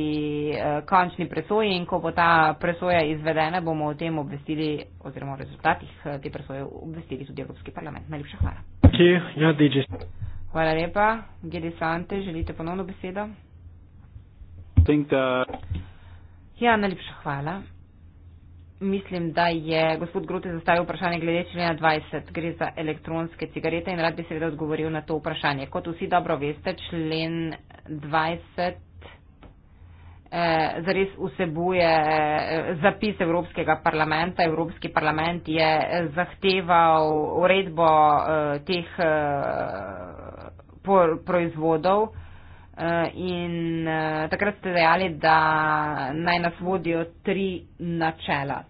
končni presoji in ko bo ta presoja izvedena, bomo o tem obvestili oziroma o rezultatih te presoje obvestili tudi Evropski parlament. Najlepša hvala. Hvala lepa. Gedi Sante, želite ponovno besedo? Think, uh... Ja, najlepša hvala. Mislim, da je gospod Grote zastavil vprašanje glede člena 20. Gre za elektronske cigarete in rad bi seveda odgovoril na to vprašanje. Kot vsi dobro veste, člen 20 eh, zares vsebuje eh, zapis Evropskega parlamenta. Evropski parlament je eh, zahteval uredbo eh, teh eh, proizvodov. Eh, Eh, in eh, takrat ste dejali, da naj nas vodijo tri načela.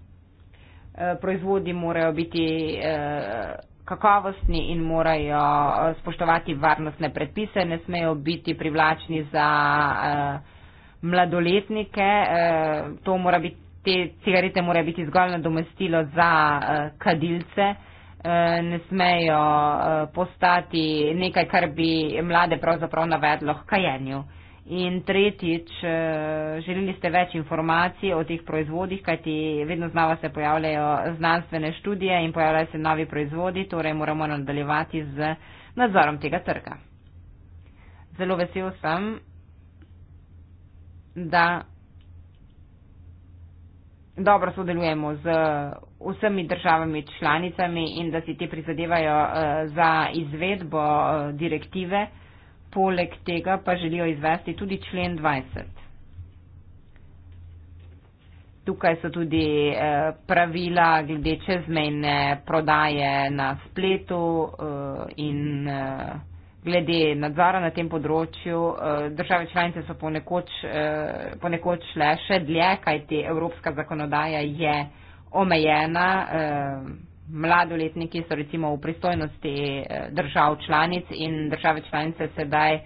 Eh, proizvodi morajo biti kakovostni in morajo spoštovati varnostne predpise, ne smejo biti privlačni za mladoletnike. To mora biti, te cigarete morajo biti zgolj nadomestilo za kadilce. Eh, ne smejo eh, postati nekaj, kar bi mlade pravzaprav navedlo k kajenju. In tretjič, eh, želeli ste več informacij o teh proizvodih, kajti vedno znova se pojavljajo znanstvene študije in pojavljajo se novi proizvodi, torej moramo nadaljevati z nadzorom tega trga. Zelo vesel sem, da dobro sodelujemo z vsemi državami članicami in da si ti prizadevajo eh, za izvedbo eh, direktive. Poleg tega pa želijo izvesti tudi člen 20. Tukaj so tudi eh, pravila glede čezmejne prodaje na spletu in glede nadzora na tem področju. Države članice so ponekoč, ponekoč le še dlje, kajti evropska zakonodaja je omejena. Eh, mladoletniki so recimo v pristojnosti eh, držav članic in države članice sedaj eh,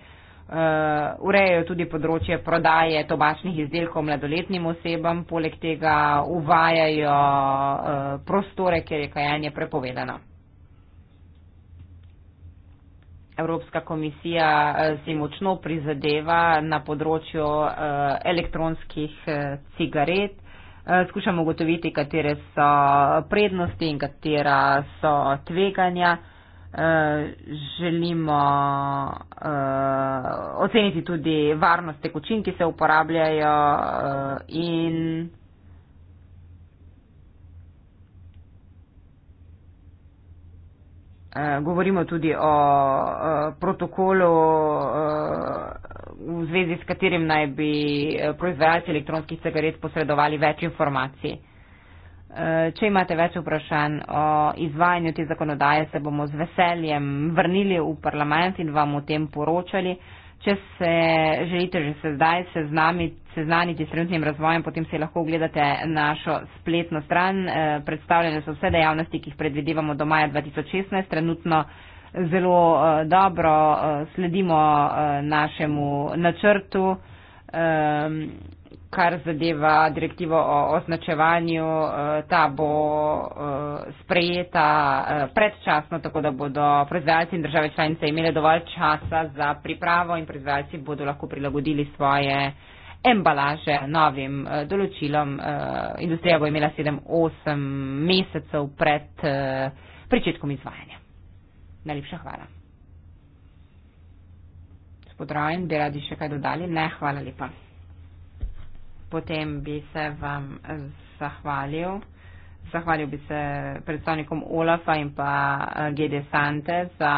urejajo tudi področje prodaje tobačnih izdelkov mladoletnim osebam, poleg tega uvajajo prostore, kjer je kajanje prepovedano. Evropska komisija si močno prizadeva na področju elektronskih cigaret, Eh, skušamo ugotoviti, katere so prednosti in katera so tveganja. Eh, želimo eh, oceniti tudi varnost tekočin, ki se uporabljajo in. Govorimo tudi o, o protokolu. O, v zvezi s katerim naj bi eh, proizvajalci elektronskih cigaret posredovali več informacij. Eh, če imate več vprašanj o izvajanju te zakonodaje, se bomo z veseljem vrnili v parlament in vam o tem poročali. Če se želite že sedaj seznaniti s trenutnim razvojem, potem si lahko ogledate našo spletno stran. Eh, predstavljene so vse dejavnosti, ki jih predvidevamo do maja 2016. Trenutno zelo uh, dobro uh, sledimo uh, našemu načrtu, um, kar zadeva direktivo o označevanju. Uh, ta bo uh, sprejeta uh, predčasno, tako da bodo proizvajalci in države članice imele dovolj časa za pripravo in proizvajalci bodo lahko prilagodili svoje embalaže novim uh, določilom. Uh, industrija bo imela 7-8 mesecev pred uh, pričetkom izvajanja. Najlepša hvala. Gospod Rojen, bi radi še kaj dodali? Ne, hvala lepa. Potem bi se vam zahvalil. Zahvalil bi se predstavnikom OLAF-a in pa eh, GD Sante za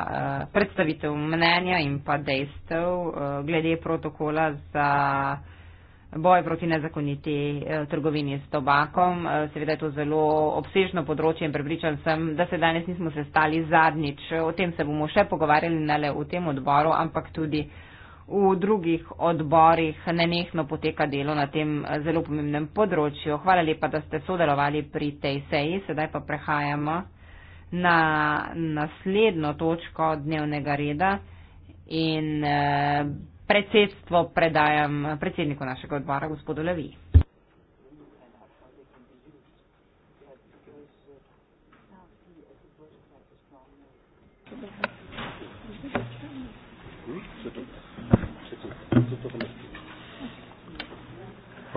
eh, predstavitev mnenja in pa dejstev eh, glede protokola za boj proti nezakoniti eh, trgovini s tobakom. Eh, seveda je to zelo obsežno področje in prepričan sem, da se danes nismo sestali zadnjič. O tem se bomo še pogovarjali, ne le v tem odboru, ampak tudi v drugih odborih nenehno poteka delo na tem eh, zelo pomembnem področju. Hvala lepa, da ste sodelovali pri tej seji. Sedaj pa prehajamo na naslednjo točko dnevnega reda. In, eh, predsedstvo predajam predsedniku našega odbora, gospodu Levi.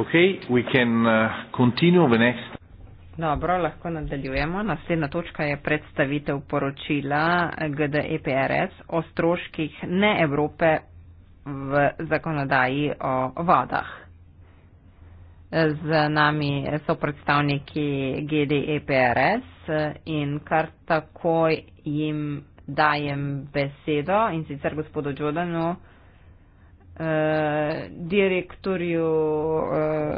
Okay, we can, uh, the next. Dobro, lahko nadaljujemo. Naslednja točka je predstavitev poročila GDEPRS o stroških ne Evrope v zakonodaji o vodah. Z nami so predstavniki GDEPRS in kar takoj jim dajem besedo in sicer gospodu Džodanu, eh, direktorju eh,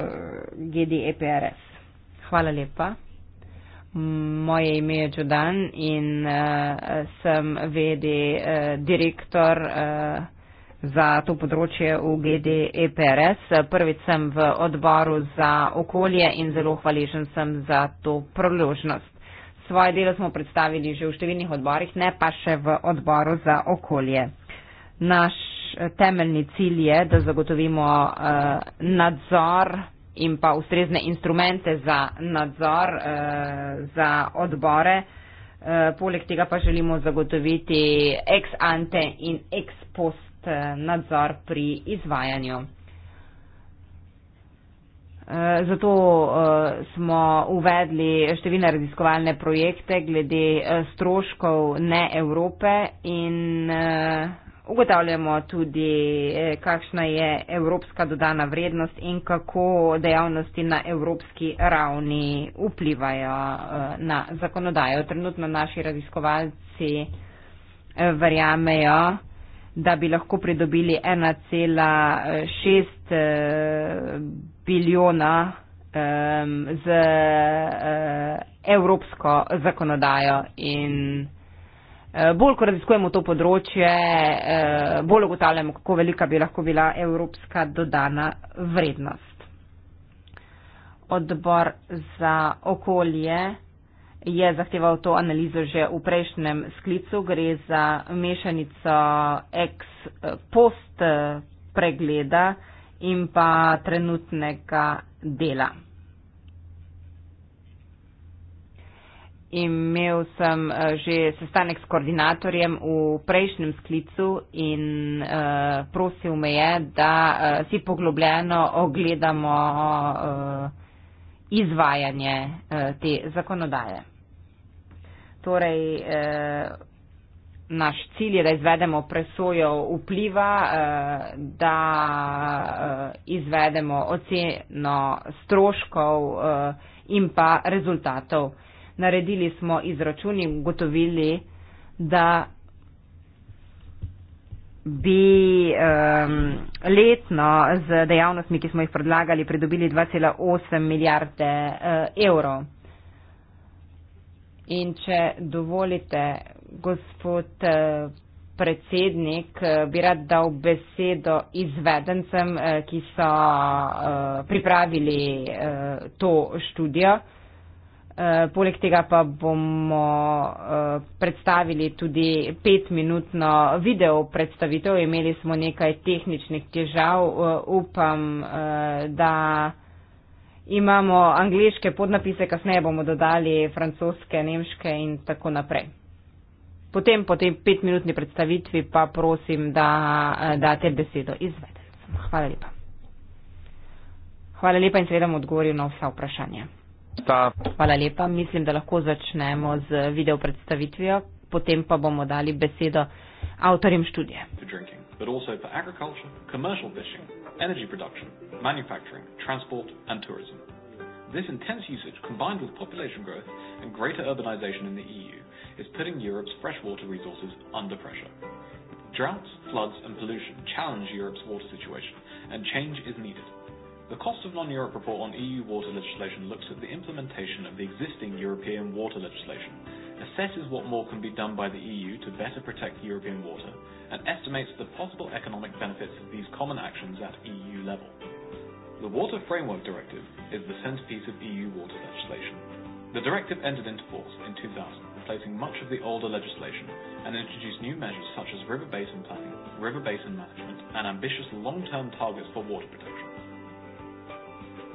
GDEPRS. Hvala lepa. Moje ime je Džodan in eh, sem vedi direktor GDEPRS za to področje v GDEPRS. Prvič sem v odboru za okolje in zelo hvaležen sem za to proložnost. Svoje delo smo predstavili že v številnih odborih, ne pa še v odboru za okolje. Naš eh, temeljni cilj je, da zagotovimo uh, nadzor in pa ustrezne instrumente za nadzor uh, za odbore. Uh, poleg tega pa želimo zagotoviti ex ante in ex post Eh, nadzor pri izvajanju. Eh, zato eh, smo uvedli številne raziskovalne projekte glede stroškov ne Evrope in ugotavljamo tudi, kakšna je evropska dodana vrednost in kako dejavnosti na evropski ravni vplivajo na zakonodajo. Trenutno naši raziskovalci verjamejo, da bi lahko pridobili 1,6 eh, biliona z eh, evropsko zakonodajo in eh, bolj, ko raziskujemo to področje, bolj ugotavljamo, kako velika bi lahko bila evropska dodana vrednost. Odbor za okolje je zahteval to analizo že v prejšnjem sklicu. Gre za mešanico ex post pregleda in pa trenutnega dela. Imel sem eh, že sestanek s koordinatorjem v prejšnjem sklicu in uh, prosil me je, da uh, si poglobljeno ogledamo uh, izvajanje uh, te zakonodaje torej eh, naš cilj je, da izvedemo presojo vpliva, eh, da eh, izvedemo oceno stroškov in pa rezultatov. Naredili smo izračun in gotovili, da bi um, letno z dejavnostmi, ki smo jih predlagali, pridobili 2,8 milijarde uh, evrov. In če dovolite, gospod eh, predsednik, eh, bi rad dal besedo izvedencem, eh, ki so pripravili to študijo. Poleg tega pa bomo predstavili tudi petminutno video predstavitev. Imeli smo nekaj tehničnih težav. Upam, da imamo angliške podnapise, kasneje bomo dodali francoske, nemške in tako naprej. Potem po tej petminutni predstavitvi pa prosim, da eh, date besedo izvedencem. Hvala lepa. Hvala lepa in seveda bom odgovoril na vsa vprašanja. Ta. Hvala lepa. Mislim, da lahko začnemo z video predstavitvijo, potem pa bomo dali besedo avtorjem študije. Drinking but also for agriculture, commercial fishing, energy production, manufacturing, transport, and tourism. This intense usage, combined with population growth and greater urbanization in the EU, is putting Europe's freshwater resources under pressure. Droughts, floods, and pollution challenge Europe's water situation, and change is needed. The Cost of Non-Europe report on EU water legislation looks at the implementation of the existing European water legislation assesses what more can be done by the EU to better protect European water, and estimates the possible economic benefits of these common actions at EU level. The Water Framework Directive is the centerpiece of EU water legislation. The directive entered into force in 2000, replacing much of the older legislation and introduced new measures such as river basin planning, river basin management, and ambitious long term targets for water protection.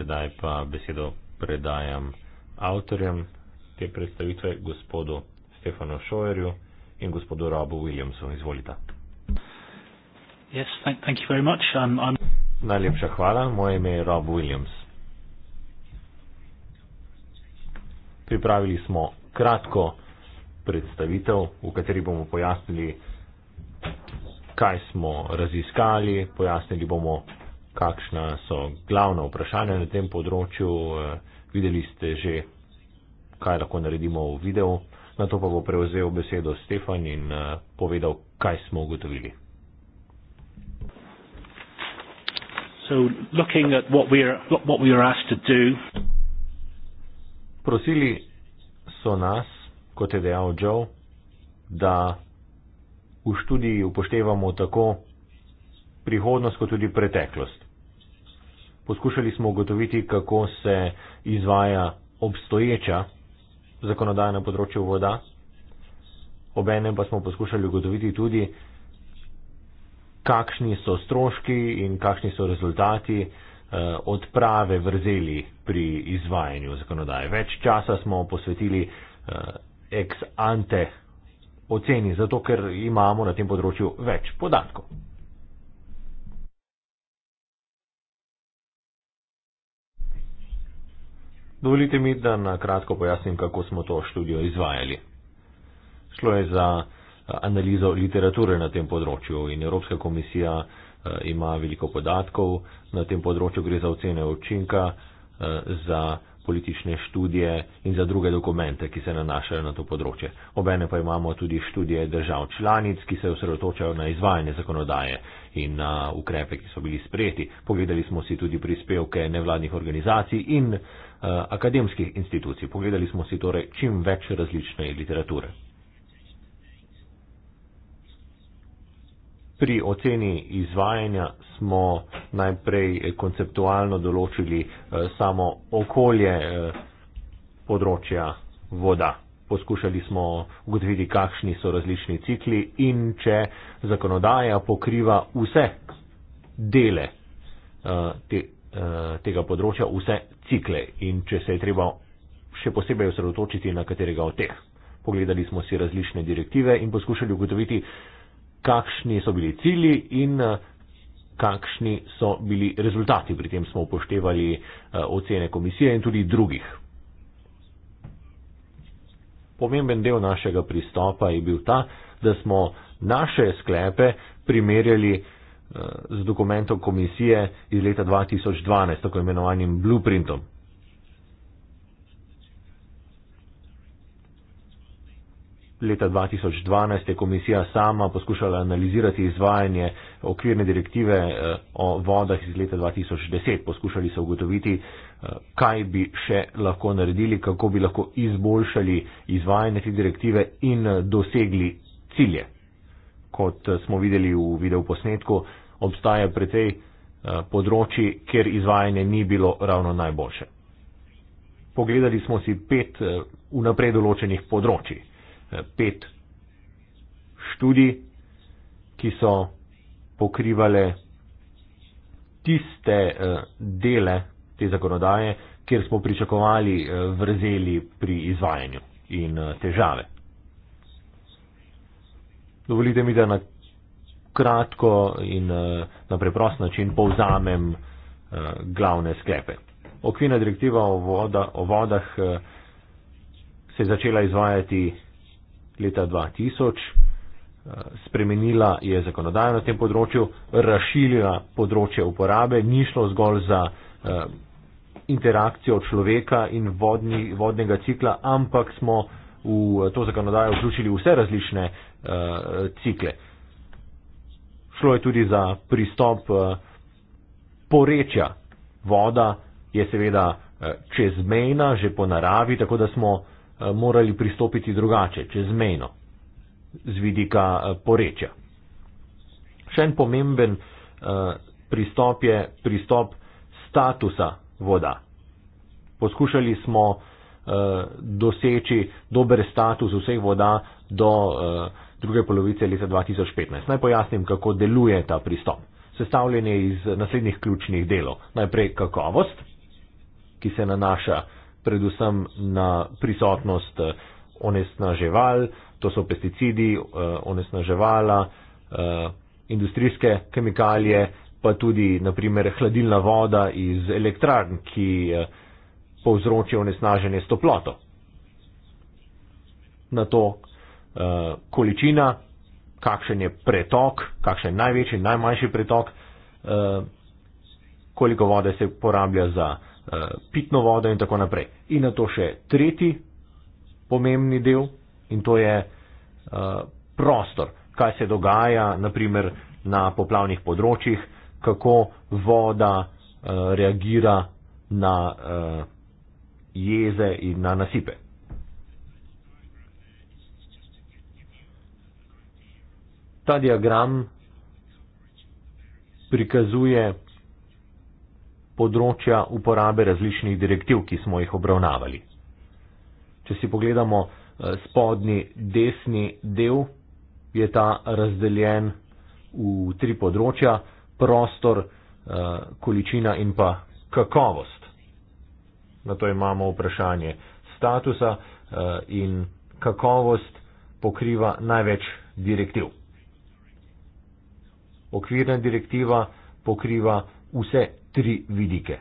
sedaj pa besedo predajam avtorjem te predstavitve, gospodu Stefanu Šojerju in gospodu Robu Williamsu. Izvolite. Yes, thank, thank you very much. I'm, I'm... Najlepša hvala, moje ime je Rob Williams. Pripravili smo kratko predstavitev, v kateri bomo pojasnili, kaj smo raziskali, pojasnili bomo, kakšna so glavna vprašanja na tem področju. Eh, videli ste že, kaj lahko naredimo v videu. Na to pa bo prevzel besedo Stefan in eh, povedal, kaj smo ugotovili. Prosili so nas, kot je dejal Joe, da v študiji upoštevamo tako prihodnost kot tudi preteklost. Poskušali smo ugotoviti, kako se izvaja obstoječa zakonodaja na področju voda. Obenem pa smo poskušali ugotoviti tudi, kakšni so stroški in kakšni so rezultati eh, odprave vrzeli pri izvajanju zakonodaje. Več časa smo posvetili eh, ex ante oceni, zato ker imamo na tem področju več podatkov. Dovolite mi, da na kratko pojasnim, kako smo to študijo izvajali. Šlo je za eh, analizo literature na tem področju in Evropska komisija eh, ima veliko podatkov na tem področju, gre za ocene učinka, eh, za politične študije in za druge dokumente, ki se nanašajo na to področje. Obene pa imamo tudi študije držav članic, ki se osredotočajo na izvajanje zakonodaje in na ukrepe, ki so bili sprejeti. Pogledali smo si tudi prispevke nevladnih organizacij in Eh, akademskih institucij. Pogledali smo si torej čim več različne literature. Pri oceni izvajanja smo najprej konceptualno določili eh, samo okolje eh, področja voda. Poskušali smo ugotoviti, kakšni so različni cikli in če zakonodaja pokriva vse dele te uh, tega področja vse cikle in če se je treba še posebej osredotočiti na katerega od teh. Pogledali smo si različne direktive in poskušali ugotoviti, kakšni so bili cilji in uh, kakšni so bili rezultati. Pri tem smo upoštevali uh, ocene komisije in tudi drugih. Pomemben del našega pristopa je bil ta, da smo naše sklepe primerjali uh, Eh, z dokumentom komisije iz leta 2012, tako imenovanim blueprintom. Leta 2012 je komisija sama poskušala analizirati izvajanje okvirne direktive eh, o vodah iz leta 2010. Poskušali so ugotoviti, eh, kaj bi še lahko naredili, kako bi lahko izboljšali izvajanje te direktive in dosegli cilje. Kot smo videli v videoposnetku, obstaja pri tej eh, področji, kjer izvajanje ni bilo ravno najboljše. Pogledali smo si pet eh, vnaprej določenih področji, eh, pet študij, ki so pokrivale tiste dele te zakonodaje, kjer smo pričakovali vrzeli pri izvajanju in težave. Dovolite mi, da na kratko in eh, na preprost način povzamem eh, glavne sklepe. Okvirna direktiva o, voda, o vodah eh, se je začela izvajati leta 2000, spremenila je zakonodajo na tem področju, razširila področje uporabe, ni šlo zgolj za interakcijo človeka in vodni, vodnega cikla, ampak smo v to zakonodajo vključili vse različne uh, cikle. Uh, Šlo je tudi za pristop eh, porečja. Voda je seveda eh, čezmejna, že po naravi, tako da smo eh, morali pristopiti drugače, čezmejno, z vidika porečja. Še en pomemben pristop je pristop statusa voda. Poskušali smo doseči dober status vseh voda do druge polovice leta 2015. Naj pojasnim, kako deluje ta pristop. Sestavljen je iz naslednjih ključnih delov. Najprej kakovost, ki se nanaša predvsem na prisotnost eh, onesnaževal, to so pesticidi, eh, onesnaževala, eh, industrijske kemikalije, pa tudi naprimer hladilna voda iz elektrarn, ki povzročajo onesnaženje s toploto. Na to, Eh, količina, kakšen je pretok, kakšen je največji, najmanjši pretok, eh, koliko vode se porablja za eh, pitno vodo in tako naprej. In na to še tretji pomembni del in to je prostor, kaj se dogaja naprimer na poplavnih področjih, kako voda reagira na jeze in na nasipe. ta diagram prikazuje področja uporabe različnih direktiv, ki smo jih obravnavali. Če si pogledamo eh, spodnji desni del, je ta razdeljen v tri področja - prostor, eh, količina in pa kakovost. Na to imamo vprašanje statusa eh, in kakovost pokriva največ direktiv okvirna direktiva pokriva vse tri vidike.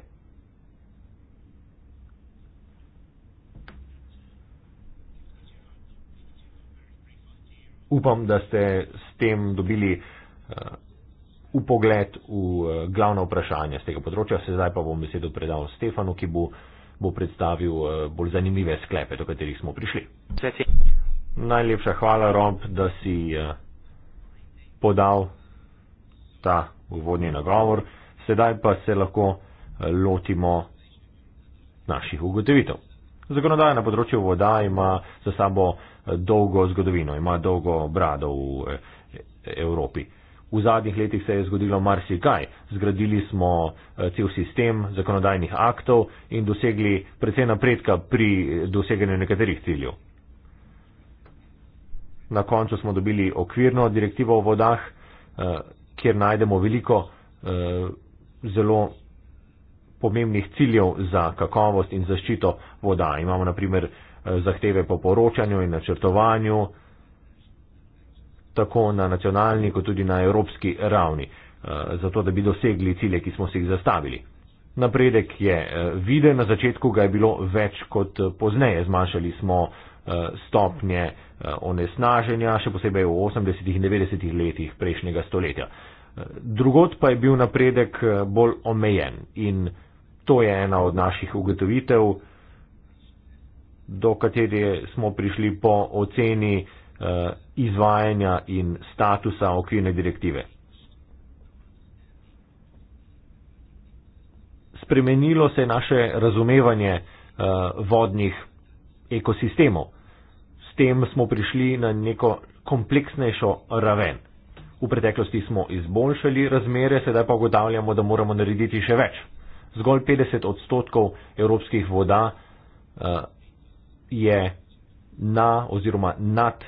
Upam, da ste s tem dobili upogled eh, v eh, glavno vprašanje z tega področja. Se zdaj pa bom besedo predal Stefanu, ki bo, bo predstavil eh, bolj zanimive sklepe, do katerih smo prišli. Najlepša hvala, Romp, da si podal ta uvodni nagovor, sedaj pa se lahko eh, lotimo naših ugotovitev. Zakonodaja na področju voda ima za sabo eh, dolgo zgodovino, ima dolgo brado v eh, Evropi. V zadnjih letih se je zgodilo marsikaj. Zgradili smo cel sistem zakonodajnih aktov in dosegli precej napredka pri doseganju nekaterih ciljev. Na koncu smo dobili okvirno direktivo o vodah, kjer najdemo veliko eh, zelo pomembnih ciljev za kakovost in zaščito voda. Imamo naprimer eh, zahteve po poročanju in načrtovanju, tako na nacionalni kot tudi na evropski ravni, eh, zato da bi dosegli cilje, ki smo si jih zastavili. Napredek je eh, viden, na začetku ga je bilo več kot eh, pozneje. Zmanjšali smo Eh, stopnje eh, onesnaženja, še posebej v 80-ih in 90-ih letih prejšnjega stoletja. Eh, Drugod pa je bil napredek bolj omejen in to je ena od naših ugotovitev, do katere smo prišli po oceni izvajanja in statusa okvirne direktive. Spremenilo se je naše razumevanje vodnih ekosistemov. S tem smo prišli na neko kompleksnejšo raven. V preteklosti smo izboljšali razmere, sedaj pa ugotavljamo, da moramo narediti še več. Zgolj 50 odstotkov evropskih voda uh, je na oziroma nad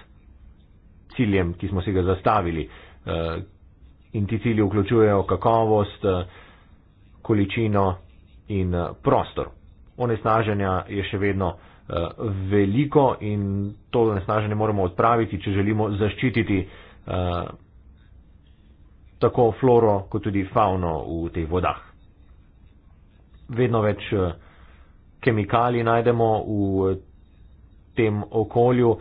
ciljem, ki smo si ga zastavili. Uh, in ti cilji vključujejo kakovost, uh, količino in uh, prostor. Onesnaženja je še vedno. Eh, veliko in to onesnaženje moramo odpraviti, če želimo zaščititi eh, tako floro kot tudi fauno v teh vodah. Vedno več eh, kemikali najdemo v tem okolju,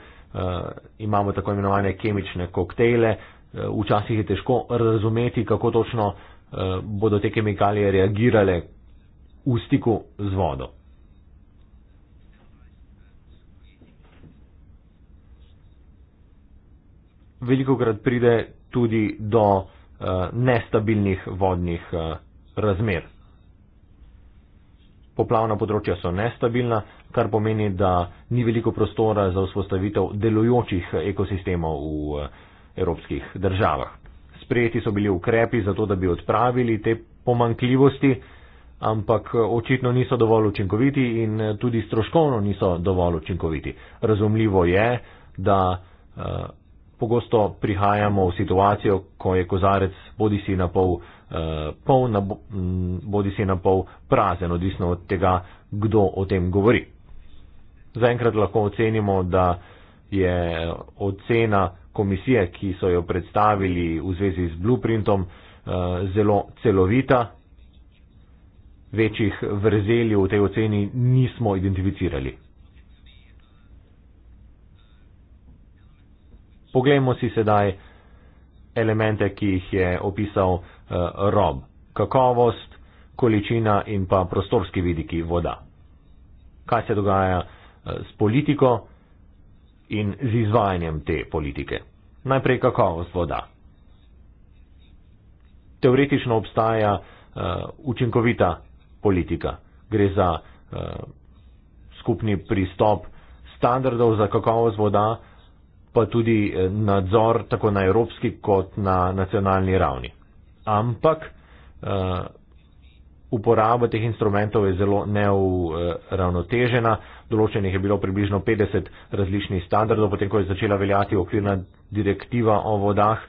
imamo tako imenovane kemične koktejle, včasih je težko razumeti, kako točno bodo te kemikalije reagirale v stiku z vodo. veliko krat pride tudi do uh, nestabilnih vodnih uh, razmer. Poplavna področja so nestabilna, kar pomeni, da ni veliko prostora za vzpostavitev delujočih ekosistemov v eh, evropskih državah. Sprejeti so bili ukrepi za to, da bi odpravili te pomankljivosti, ampak očitno niso dovolj učinkoviti in tudi stroškovno niso dovolj učinkoviti. Razumljivo je, da pogosto prihajamo v situacijo, ko je kozarec bodi si na pol eh, poln, bodi si na pol prazen, odvisno od tega, kdo o tem govori. Zaenkrat lahko ocenimo, da je ocena komisije, ki so jo predstavili v zvezi z blueprintom, eh, zelo celovita. Večjih vrzeli v tej oceni nismo identificirali. Poglejmo si sedaj elemente, ki jih je opisal uh, Rob. Kakovost, količina in pa prostorski vidiki voda. Kaj se dogaja uh, s politiko in z izvajanjem te politike? Najprej kakovost voda. Teoretično obstaja uh, učinkovita politika. Gre za uh, skupni pristop standardov za kakovost voda pa tudi eh, nadzor tako na evropski kot na nacionalni ravni. Ampak uh, uporaba teh instrumentov je zelo neuravnotežena. Določenih je bilo približno 50 različnih standardov, potem ko je začela veljati okvirna direktiva o vodah.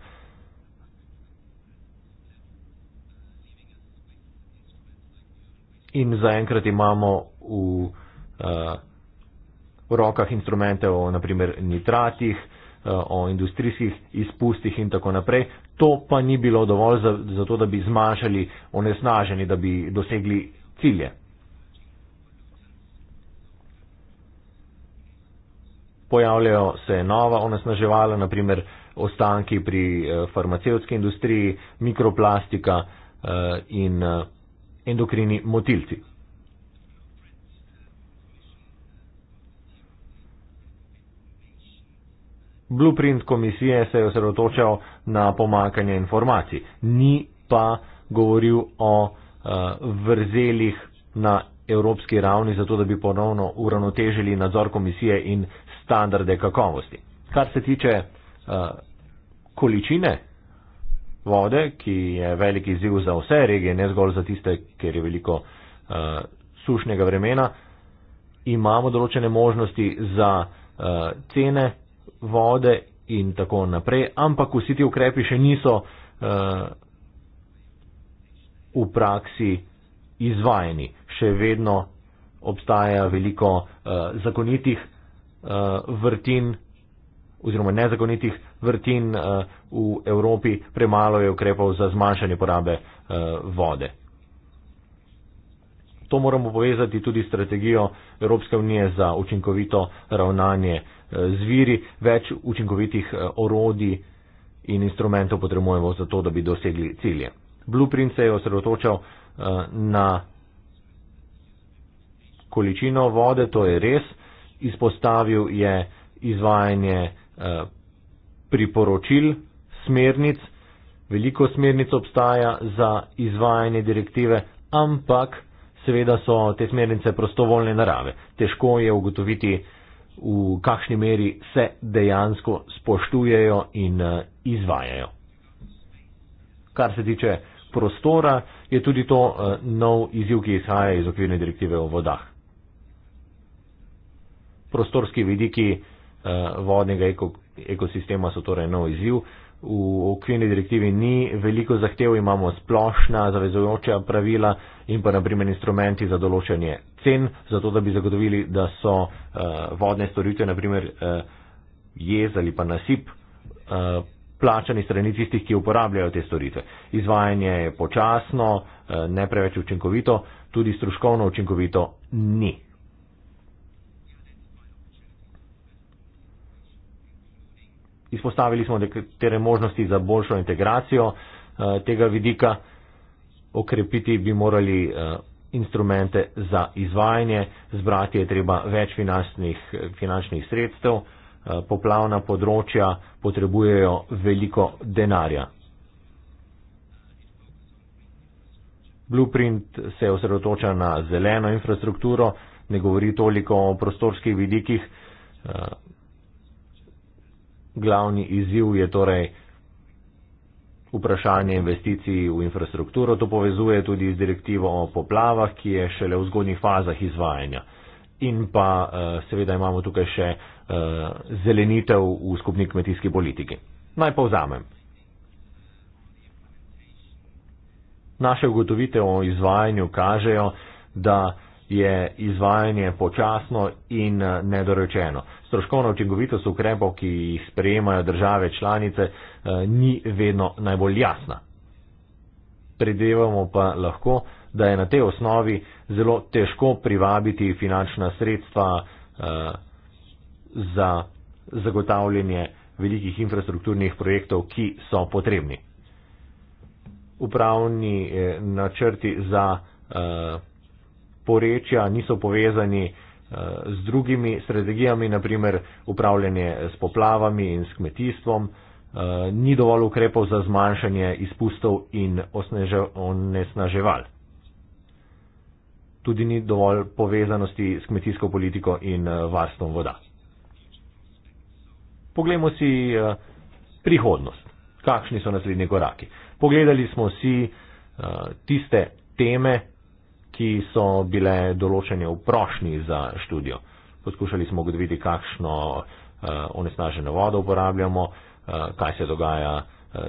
In zaenkrat imamo v. Uh, v rokah instrumentov, o naprimer nitratih, eh, o industrijskih izpustih in tako naprej. To pa ni bilo dovolj za, za to, da bi zmanjšali onesnaženje, da bi dosegli cilje. Pojavljajo se nova onesnaževala, naprimer ostanki pri eh, farmacevtski industriji, mikroplastika eh, in endokrini motilci. Blueprint komisije se je osredotočal na pomakanje informacij, ni pa govoril o uh, vrzelih na evropski ravni, zato da bi ponovno uravnotežili nadzor komisije in standarde kakovosti. Kar se tiče uh, količine vode, ki je veliki ziv za vse regije, ne zgolj za tiste, ker je veliko uh, sušnega vremena, imamo določene možnosti za uh, cene vode in tako naprej, ampak vsi ti ukrepi še niso uh, v praksi izvajeni. Še vedno obstaja veliko uh, zakonitih uh, vrtin oziroma nezakonitih vrtin uh, v Evropi, premalo je ukrepov za zmanjšanje porabe uh, vode to moramo povezati tudi strategijo Evropske unije za učinkovito ravnanje eh, z viri. Več učinkovitih eh, orodij in instrumentov potrebujemo za to, da bi dosegli cilje. Blueprint se je osredotočal eh, na količino vode, to je res. Izpostavil je izvajanje priporočil, smernic. Veliko smernic obstaja za izvajanje direktive, ampak Seveda so te smernice prostovoljne narave. Težko je ugotoviti, v kakšni meri se dejansko spoštujejo in eh, izvajajo. Kar se tiče prostora, je tudi to eh, nov izjiv, ki izhaja iz okvirne direktive o vodah. Prostorski vidiki eh, vodnega ekosistema so torej nov izjiv v okvirni direktivi ni veliko zahtev, imamo splošna zavezojoča pravila in pa naprimer instrumenti za določanje cen, zato da bi zagotovili, da so uh, vodne storitve, naprimer uh, eh, jez ali pa nasip, uh, plačani strani tistih, ki uporabljajo te storitve. Izvajanje je počasno, uh, ne preveč učinkovito, tudi stroškovno učinkovito ni. Izpostavili smo nekatere možnosti za boljšo integracijo eh, tega vidika. Okrepiti bi morali eh, instrumente za izvajanje, zbrati je treba več finančnih, finančnih sredstev, eh, poplavna področja potrebujejo veliko denarja. Blueprint se osredotoča na zeleno infrastrukturo, ne govori toliko o prostorskih vidikih glavni izziv je torej vprašanje investicij v infrastrukturo. To povezuje tudi z direktivo o poplavah, ki je šele v zgodnih fazah izvajanja. In pa eh, seveda imamo tukaj še eh, zelenitev v skupni kmetijski politiki. Naj povzamem. Naše ugotovitev o izvajanju kažejo, da je izvajanje počasno in eh, nedorečeno. Stroškovna učinkovitost ukrepov, ki jih sprejemajo države članice, eh, ni vedno najbolj jasna. Predevamo pa lahko, da je na tej osnovi zelo težko privabiti finančna sredstva eh, za zagotavljanje velikih infrastrukturnih projektov, ki so potrebni. Upravni načrti za porečja niso povezani eh, z drugimi strategijami, naprimer upravljanje s poplavami in s kmetijstvom, eh, ni dovolj ukrepov za zmanjšanje izpustov in onesnaževal. Tudi ni dovolj povezanosti s kmetijsko politiko in eh, varstvom voda. Poglejmo si prihodnost. Kakšni so naslednji koraki? Pogledali smo si tiste teme, ki so bile določene v prošnji za študijo. Poskušali smo ugotoviti, kakšno uh, onesnaženo vodo uporabljamo, uh, kaj se dogaja uh,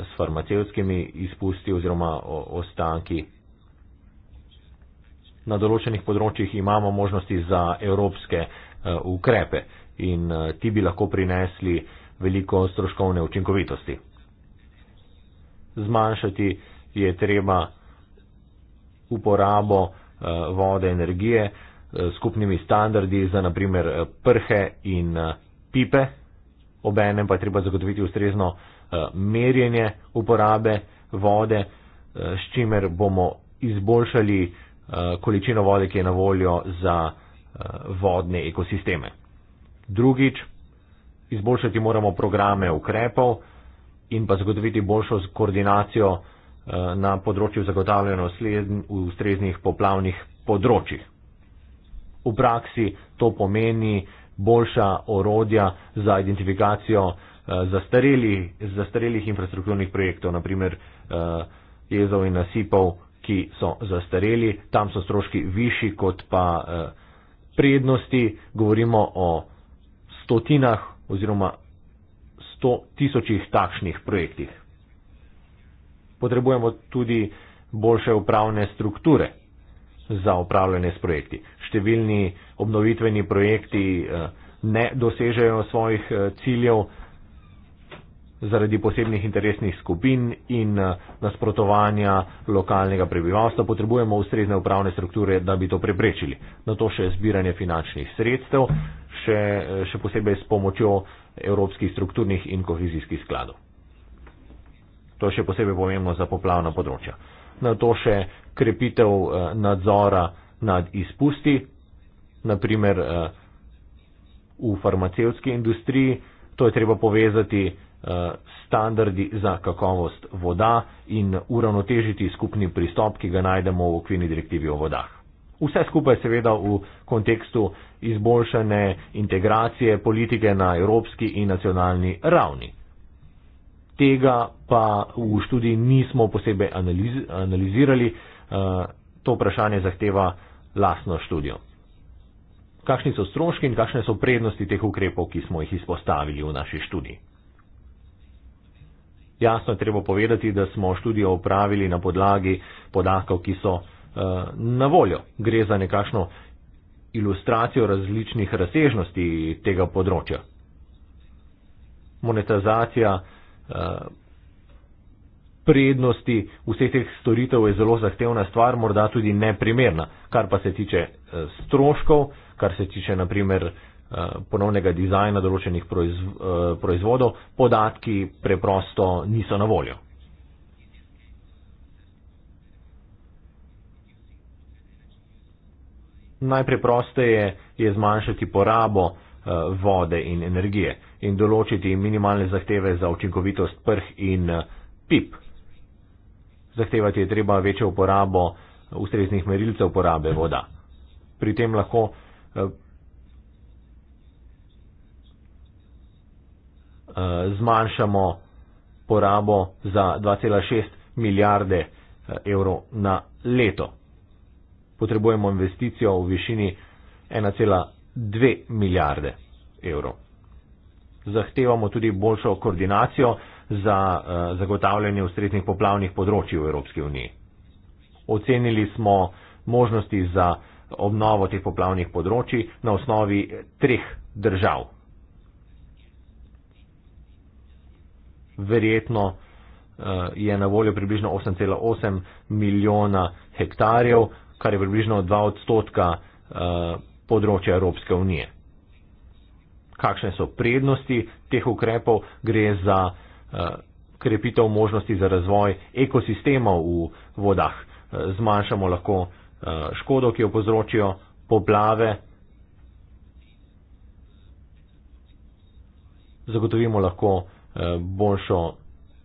s farmacevskimi izpusti oziroma o, ostanki. Na določenih področjih imamo možnosti za evropske uh, ukrepe in uh, ti bi lahko prinesli veliko stroškovne učinkovitosti. Zmanjšati je treba uporabo uh, Eh, vode, energije, eh, skupnimi standardi za naprimer eh, prhe in pipe. Obenem pa je treba zagotoviti ustrezno merjenje uporabe vode, s čimer bomo izboljšali količino vode, ki je na voljo za vodne ekosisteme. Drugič, izboljšati moramo programe ukrepov in pa zagotoviti boljšo koordinacijo Eh, na področju zagotavljanja ustreznih poplavnih področjih. V praksi to pomeni boljša orodja za identifikacijo eh, zastarelih, zastarelih infrastrukturnih projektov, naprimer eh, jezov in nasipov, ki so zastareli, tam so stroški višji kot pa prednosti, govorimo o stotinah oziroma sto tisočih takšnih projektih potrebujemo tudi boljše upravne strukture za upravljanje s projekti. Številni obnovitveni projekti eh, ne dosežejo svojih eh, ciljev zaradi posebnih interesnih skupin in eh, nasprotovanja lokalnega prebivalstva. Potrebujemo ustrezne upravne strukture, da bi to preprečili. Na to še zbiranje finančnih sredstev, še, še posebej s pomočjo evropskih strukturnih in kohezijskih skladov. To je še posebej pomembno za poplavna področja. Na to še krepitev eh, nadzora nad izpusti, naprimer eh, v farmacevski industriji. To je treba povezati eh, standardi za kakovost voda in uravnotežiti skupni pristop, ki ga najdemo v okvirni direktivi o vodah. Vse skupaj seveda v kontekstu izboljšane integracije politike na evropski in nacionalni ravni tega pa v študiji nismo posebej analiz analizirali. Uh, to vprašanje zahteva lasno študijo. Kakšni so stroški in kakšne so prednosti teh ukrepov, ki smo jih izpostavili v naši študiji? Jasno je treba povedati, da smo študijo upravili na podlagi podatkov, ki so uh, na voljo. Gre za nekašno ilustracijo različnih razsežnosti tega področja. Monetizacija uh, Eh, prednosti vseh teh storitev je zelo zahtevna stvar, morda tudi neprimerna. Kar pa se tiče eh, stroškov, kar se tiče naprimer eh, ponovnega dizajna določenih proizvodov, podatki preprosto niso na voljo. Najpreprosteje je zmanjšati porabo vode in energije in določiti minimalne zahteve za učinkovitost prh in eh, pip. Zahtevati je treba večjo uporabo ustreznih merilcev porabe voda. Pri tem lahko eh, eh, zmanjšamo porabo za 2,6 milijarde evrov na leto. Potrebujemo investicijo v višini 1,2 milijarde evrov zahtevamo tudi boljšo koordinacijo za eh, zagotavljanje ustreznih poplavnih področji v Evropski uniji. Ocenili smo možnosti za obnovo teh poplavnih področji na osnovi treh držav. Verjetno eh, je na voljo približno 8,8 milijona hektarjev, kar je približno 2 odstotka eh, področja Evropske unije kakšne so prednosti teh ukrepov, gre za uh, krepitev možnosti za razvoj ekosistemov v vodah. Uh, zmanjšamo lahko uh, škodo, ki jo povzročijo poplave. Zagotovimo lahko uh, boljšo,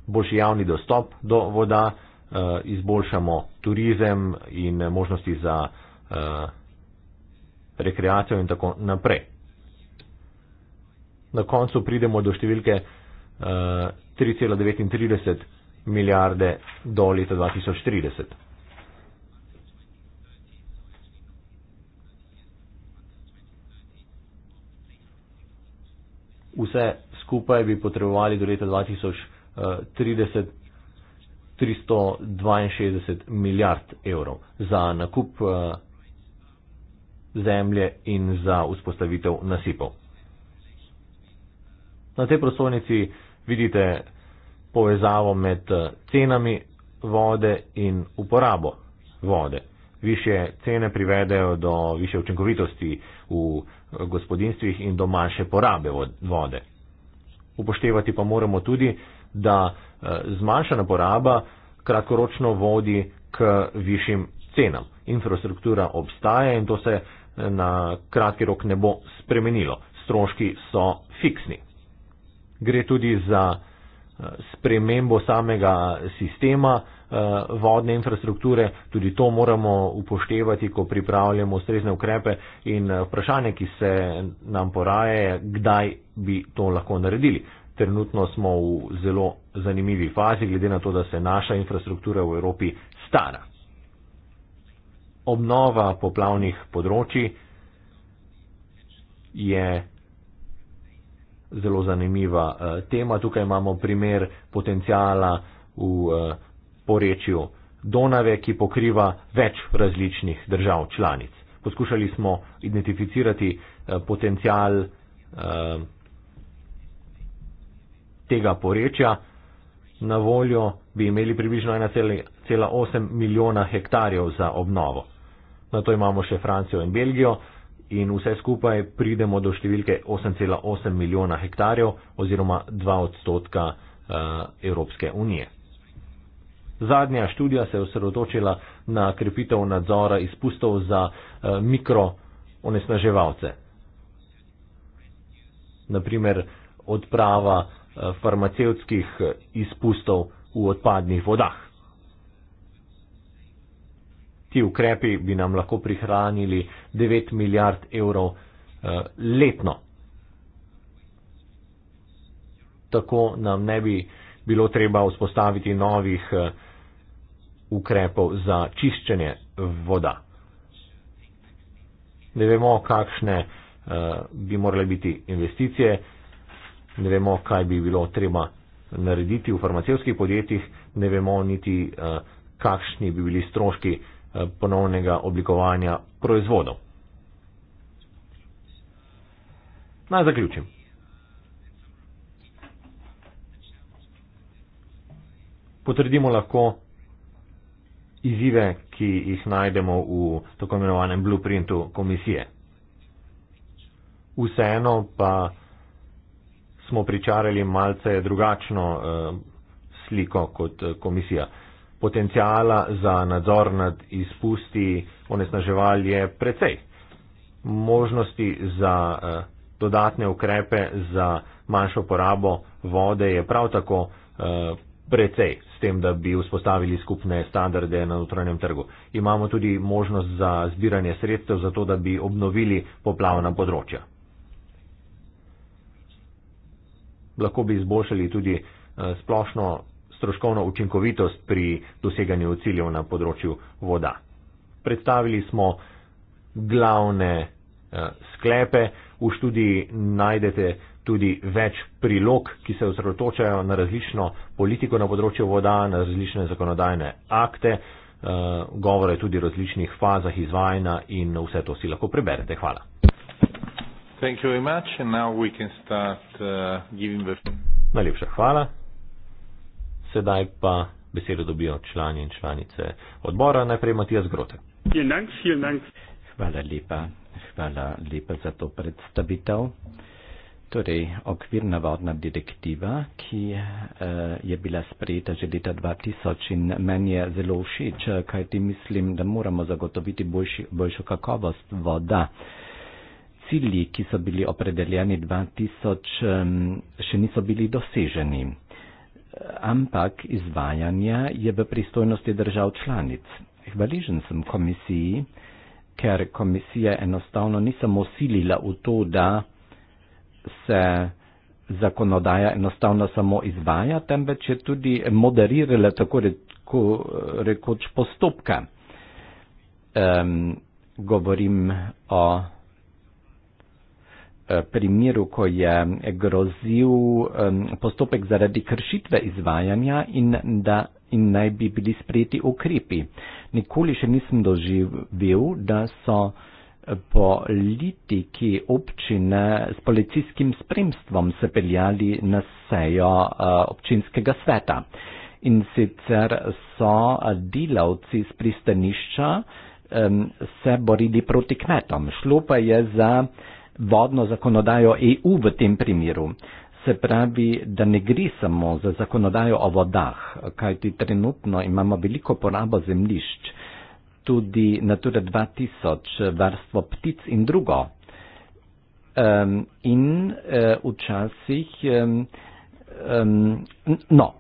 boljši javni dostop do voda, uh, izboljšamo turizem in možnosti za uh, rekreacijo in tako naprej na koncu pridemo do številke uh, eh, 3,39 milijarde do leta 2030. Vse skupaj bi potrebovali do leta 2030 362 milijard evrov za nakup eh, zemlje in za vzpostavitev nasipov. Na tej prosojnici vidite povezavo med eh, cenami vode in uporabo vode. Više cene privedejo do više učinkovitosti v eh, gospodinstvih in do manjše porabe vode. Upoštevati pa moramo tudi, da eh, zmanjšana poraba kratkoročno vodi k višjim cenam. Infrastruktura obstaja in to se na kratki rok ne bo spremenilo. Stroški so fiksni gre tudi za eh, spremembo samega eh, sistema eh, vodne infrastrukture, tudi to moramo upoštevati, ko pripravljamo ustrezne ukrepe in vprašanje, ki se nam poraje, kdaj bi to lahko naredili. Trenutno smo v zelo zanimivi fazi, glede na to, da se naša infrastruktura v Evropi stara. Obnova poplavnih področji je zelo zanimiva uh, tema. Tukaj imamo primer potencijala v uh, porečju Donave, ki pokriva več različnih držav članic. Poskušali smo identificirati uh, eh, potencijal uh, tega porečja. Na voljo bi imeli približno 1,8 milijona hektarjev za obnovo. Na to imamo še Francijo in Belgijo in vse skupaj pridemo do številke 8,8 milijona hektarjev oziroma 2 odstotka eh, Evropske unije. Zadnja študija se je osredotočila na krepitev nadzora izpustov za eh, mikro onesnaževalce. Naprimer odprava eh, farmacevskih izpustov v odpadnih vodah. Ti ukrepi bi nam lahko prihranili 9 milijard evrov eh, letno. Tako nam ne bi bilo treba vzpostaviti novih eh, ukrepov za čiščenje voda. Ne vemo, kakšne eh, bi morale biti investicije, ne vemo, kaj bi bilo treba narediti v farmacevskih podjetjih, ne vemo niti, kakšni bi bili stroški Eh, ponovnega oblikovanja proizvodov. Naj zaključim. Potrdimo lahko izzive, ki jih najdemo v tako imenovanem blueprintu komisije. Vseeno pa smo pričarali malce drugačno eh, sliko kot eh, komisija. Eh, potencijala za nadzor nad izpusti onesnaževal je precej. Možnosti za eh, dodatne ukrepe za manjšo porabo vode je prav tako eh, precej s tem, da bi vzpostavili skupne standarde na notranjem trgu. Imamo tudi možnost za zbiranje sredstev za to, da bi obnovili poplavna področja. Lahko bi izboljšali tudi eh, splošno stroškovno učinkovitost pri doseganju ciljev na področju voda. Predstavili smo glavne eh, sklepe, v študiji najdete tudi več prilog, ki se osredotočajo na različno politiko na področju voda, na različne zakonodajne akte, eh, govore tudi o različnih fazah izvajanja in vse to si lahko preberete. Hvala. Uh, Najlepša hvala. Sedaj pa besedo dobijo člani in članice odbora, najprej Matija Zgrote. Hvala lepa. Hvala lepa za to predstavitev. Torej, okvirna vodna direktiva, ki uh, je bila sprejeta že leta 2000 in meni je zelo všeč, kaj ti mislim, da moramo zagotoviti boljši, boljšo kakovost voda. Cilji, ki so bili opredeljeni 2000, um, še niso bili doseženi ampak izvajanje je v pristojnosti držav članic. Hvaližen sem komisiji, ker komisija enostavno ni samo silila v to, da se zakonodaja enostavno samo izvaja, temveč je tudi moderirala tako reko, rekoč postopka. Um, govorim o Eh, primeru, ko je grozil postopek zaradi kršitve izvajanja in da in naj bi bili sprejeti ukrepi. Nikoli še nisem doživel, da so eh, politiki občine s policijskim spremstvom se peljali na sejo eh, občinskega sveta. In sicer so delavci z pristanišča se borili proti kmetom. Šlo pa je za vodno zakonodajo EU v tem primeru. Se pravi, da ne gre samo za zakonodajo o vodah, kajti trenutno imamo veliko porabo zemlišč, tudi Natura 2000, varstvo ptic in drugo. Um, in uh, včasih, um, um, no,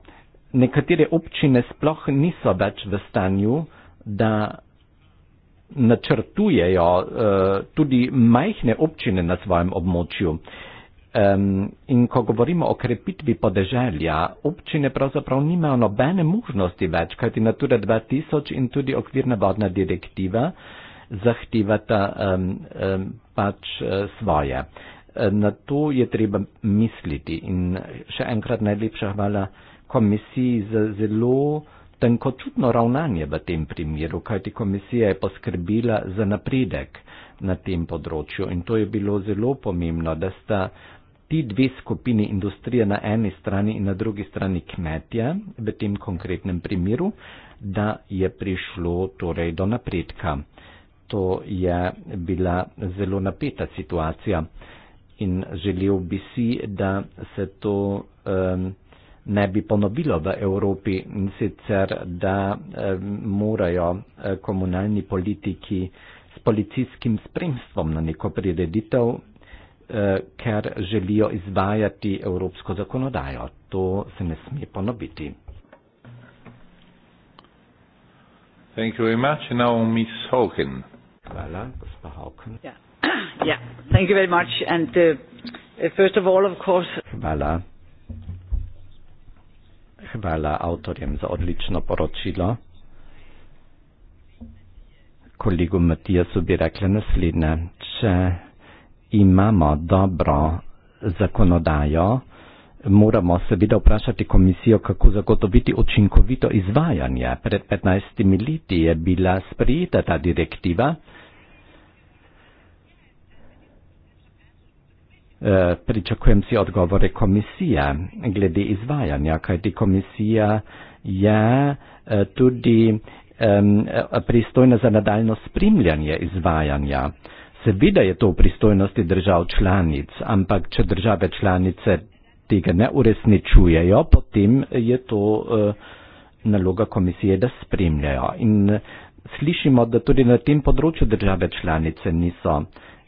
nekatere občine sploh niso več v stanju, da načrtujejo uh, tudi majhne občine na svojem območju. Um, in ko govorimo o krepitvi podeželja, občine pravzaprav nimajo nobene možnosti več, kajti Natura 2000 in tudi okvirna vodna direktiva zahtevata um, um, pač uh, svoje. Eh, na to je treba misliti in še enkrat najlepša hvala komisiji za zelo. Tankočutno ravnanje v tem primeru, kajti komisija je poskrbila za napredek na tem področju in to je bilo zelo pomembno, da sta ti dve skupini industrije na eni strani in na drugi strani kmetje v tem konkretnem primeru, da je prišlo torej do napredka. To je bila zelo napeta situacija in želel bi si, da se to. Um, ne bi ponovilo v Evropi in sicer, da eh, morajo eh, komunalni politiki s policijskim spremstvom na neko prireditev, eh, ker želijo izvajati evropsko zakonodajo. To se ne smije ponoviti. Thank you very much. Now Ms. Hawken. Hvala, gospa Hawken. Yeah. [COUGHS] yeah. Thank you very much. And uh, first of all, of course. Hvala. Hvala avtorjem za odlično poročilo. Kolegu Matijasu bi rekla naslednje. Če imamo dobro zakonodajo, moramo seveda vprašati komisijo, kako zagotoviti učinkovito izvajanje. Pred 15 leti je bila sprejeta ta direktiva. Eh, pričakujem si odgovore komisije glede izvajanja, kajti komisija je eh, tudi eh, pristojna za nadaljno spremljanje izvajanja. Seveda je to v pristojnosti držav članic, ampak če države članice tega ne uresničujejo, potem je to naloga komisije, da spremljajo. In slišimo, da tudi na tem področju države članice niso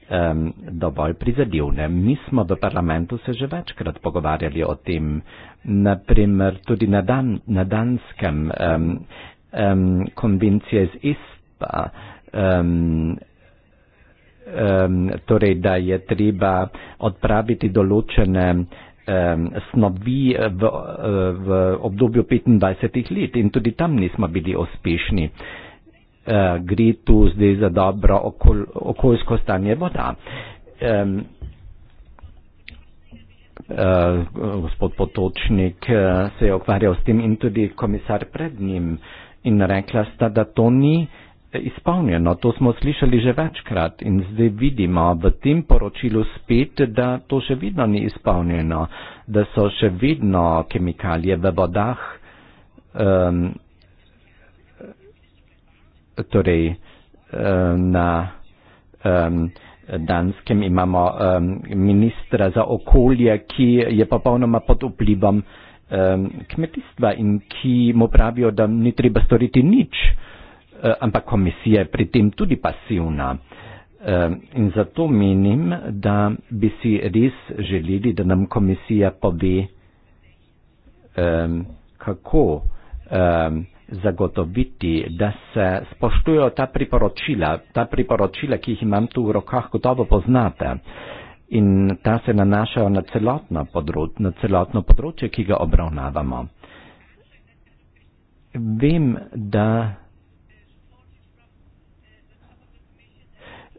um, dovolj prizadevne. Mi smo v parlamentu se že večkrat pogovarjali o tem, naprimer tudi na, dan, na Danskem um, um, konvencije z ISPA, um, um, torej da je treba odpraviti določene snovi v, v obdobju 25 let in tudi tam nismo bili uspešni eh, gre tu zdaj za dobro okol, okoljsko stanje voda. Um, Uh, gospod Potočnik uh, se je ukvarjal s tem in tudi komisar pred njim in rekla sta, da to ni eh, izpolnjeno. To smo slišali že večkrat in zdaj vidimo v tem poročilu spet, da to še vedno ni izpolnjeno, da so še vedno kemikalije v vodah. Um, torej eh, na um, Danskem imamo um, ministra za okolje, ki je popolnoma pod vplivom um, kmetijstva in ki mu pravijo, da ni treba storiti nič, um, ampak komisija je pri tem tudi pasivna. Um, in zato menim, da bi si res želeli, da nam komisija pove, um, kako. Um, zagotoviti, da se spoštujo ta priporočila, ta priporočila, ki jih imam tu v rokah, gotovo poznate. In ta se nanašajo na celotno, področ, na celotno področje, ki ga obravnavamo. Vem, da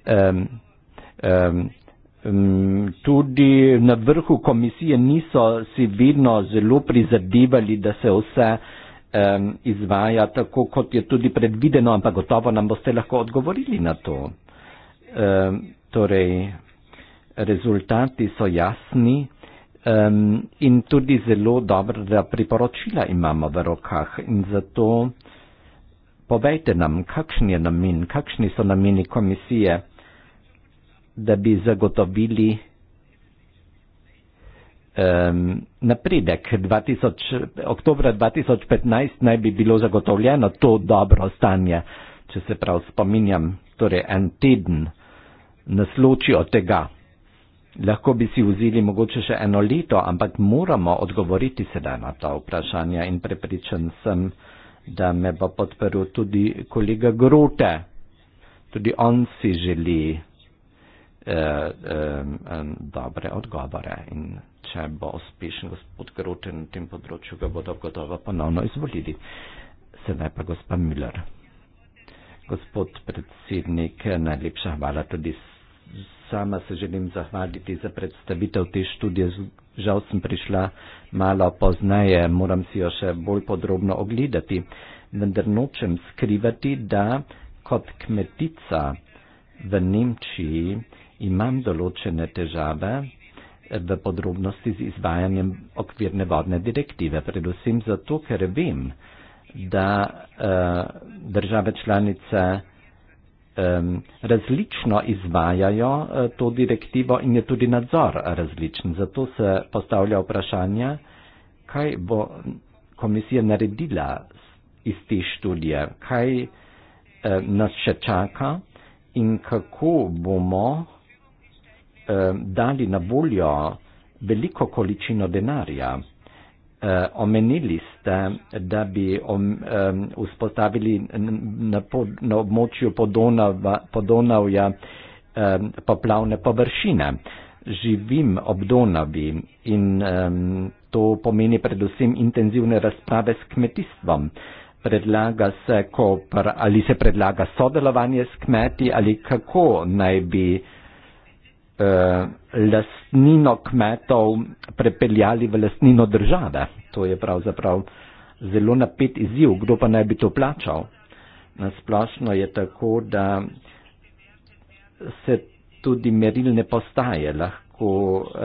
um, um, tudi na vrhu komisije niso si vedno zelo prizadevali, da se vse uh, um, izvaja tako, kot je tudi predvideno, ampak gotovo nam boste lahko odgovorili na to. Um, torej, rezultati so jasni um, in tudi zelo dobra priporočila imamo v rokah in zato povejte nam, kakšen je namen, kakšni so nameni komisije, da bi zagotovili Um, napredek oktobra 2015 naj bi bilo zagotovljeno to dobro stanje, če se prav spominjam, torej en teden nas loči od tega. Lahko bi si vzeli mogoče še eno leto, ampak moramo odgovoriti sedaj na ta vprašanja in prepričan sem, da me bo podprl tudi kolega Grote. Tudi on si želi eh, eh, dobre odgovore. In, če bo uspešen gospod Grote na tem področju, ga bodo gotovo ponovno izvolili. Sedaj pa gospa Müller. Gospod predsednik, najlepša hvala tudi. Sama se želim zahvaliti za predstavitev te študije. Žal sem prišla malo poznaje, moram si jo še bolj podrobno ogledati. Vendar nočem skrivati, da kot kmetica v Nemčiji imam določene težave, v podrobnosti z izvajanjem okvirne vodne direktive, predvsem zato, ker vem, da uh, države članice um, različno izvajajo uh, to direktivo in je tudi nadzor različen. Zato se postavlja vprašanje, kaj bo komisija naredila iz te študije, kaj uh, nas še čaka in kako bomo uh, eh, dali na voljo veliko količino denarja. Eh, omenili ste, da bi om, eh, vzpostavili na, pod, na območju Podonava, Podonavja eh, poplavne površine. Živim ob Donavi in eh, to pomeni predvsem intenzivne razprave s kmetijstvom. Predlaga se, ko, ali se predlaga sodelovanje s kmeti ali kako naj bi eh, Eh, lastnino kmetov prepeljali v lastnino države. To je pravzaprav zelo napet izziv, kdo pa naj bi to plačal. Nasplošno je tako, da se tudi merilne postaje lahko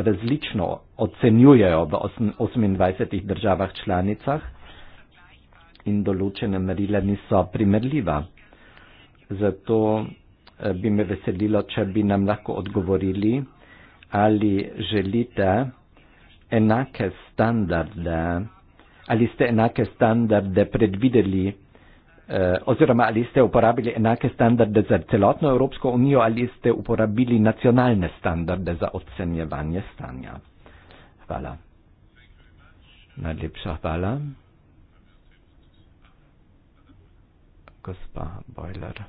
različno ocenjujejo v 28 državah članicah in določene merila niso primerljiva. Zato Eh, bi me veselilo, če bi nam lahko odgovorili, ali želite enake standarde, ali ste enake standarde predvideli, eh, oziroma ali ste uporabili enake standarde za celotno Evropsko unijo, ali ste uporabili nacionalne standarde za ocenjevanje stanja. Hvala. Najlepša hvala. Gospa Boiler.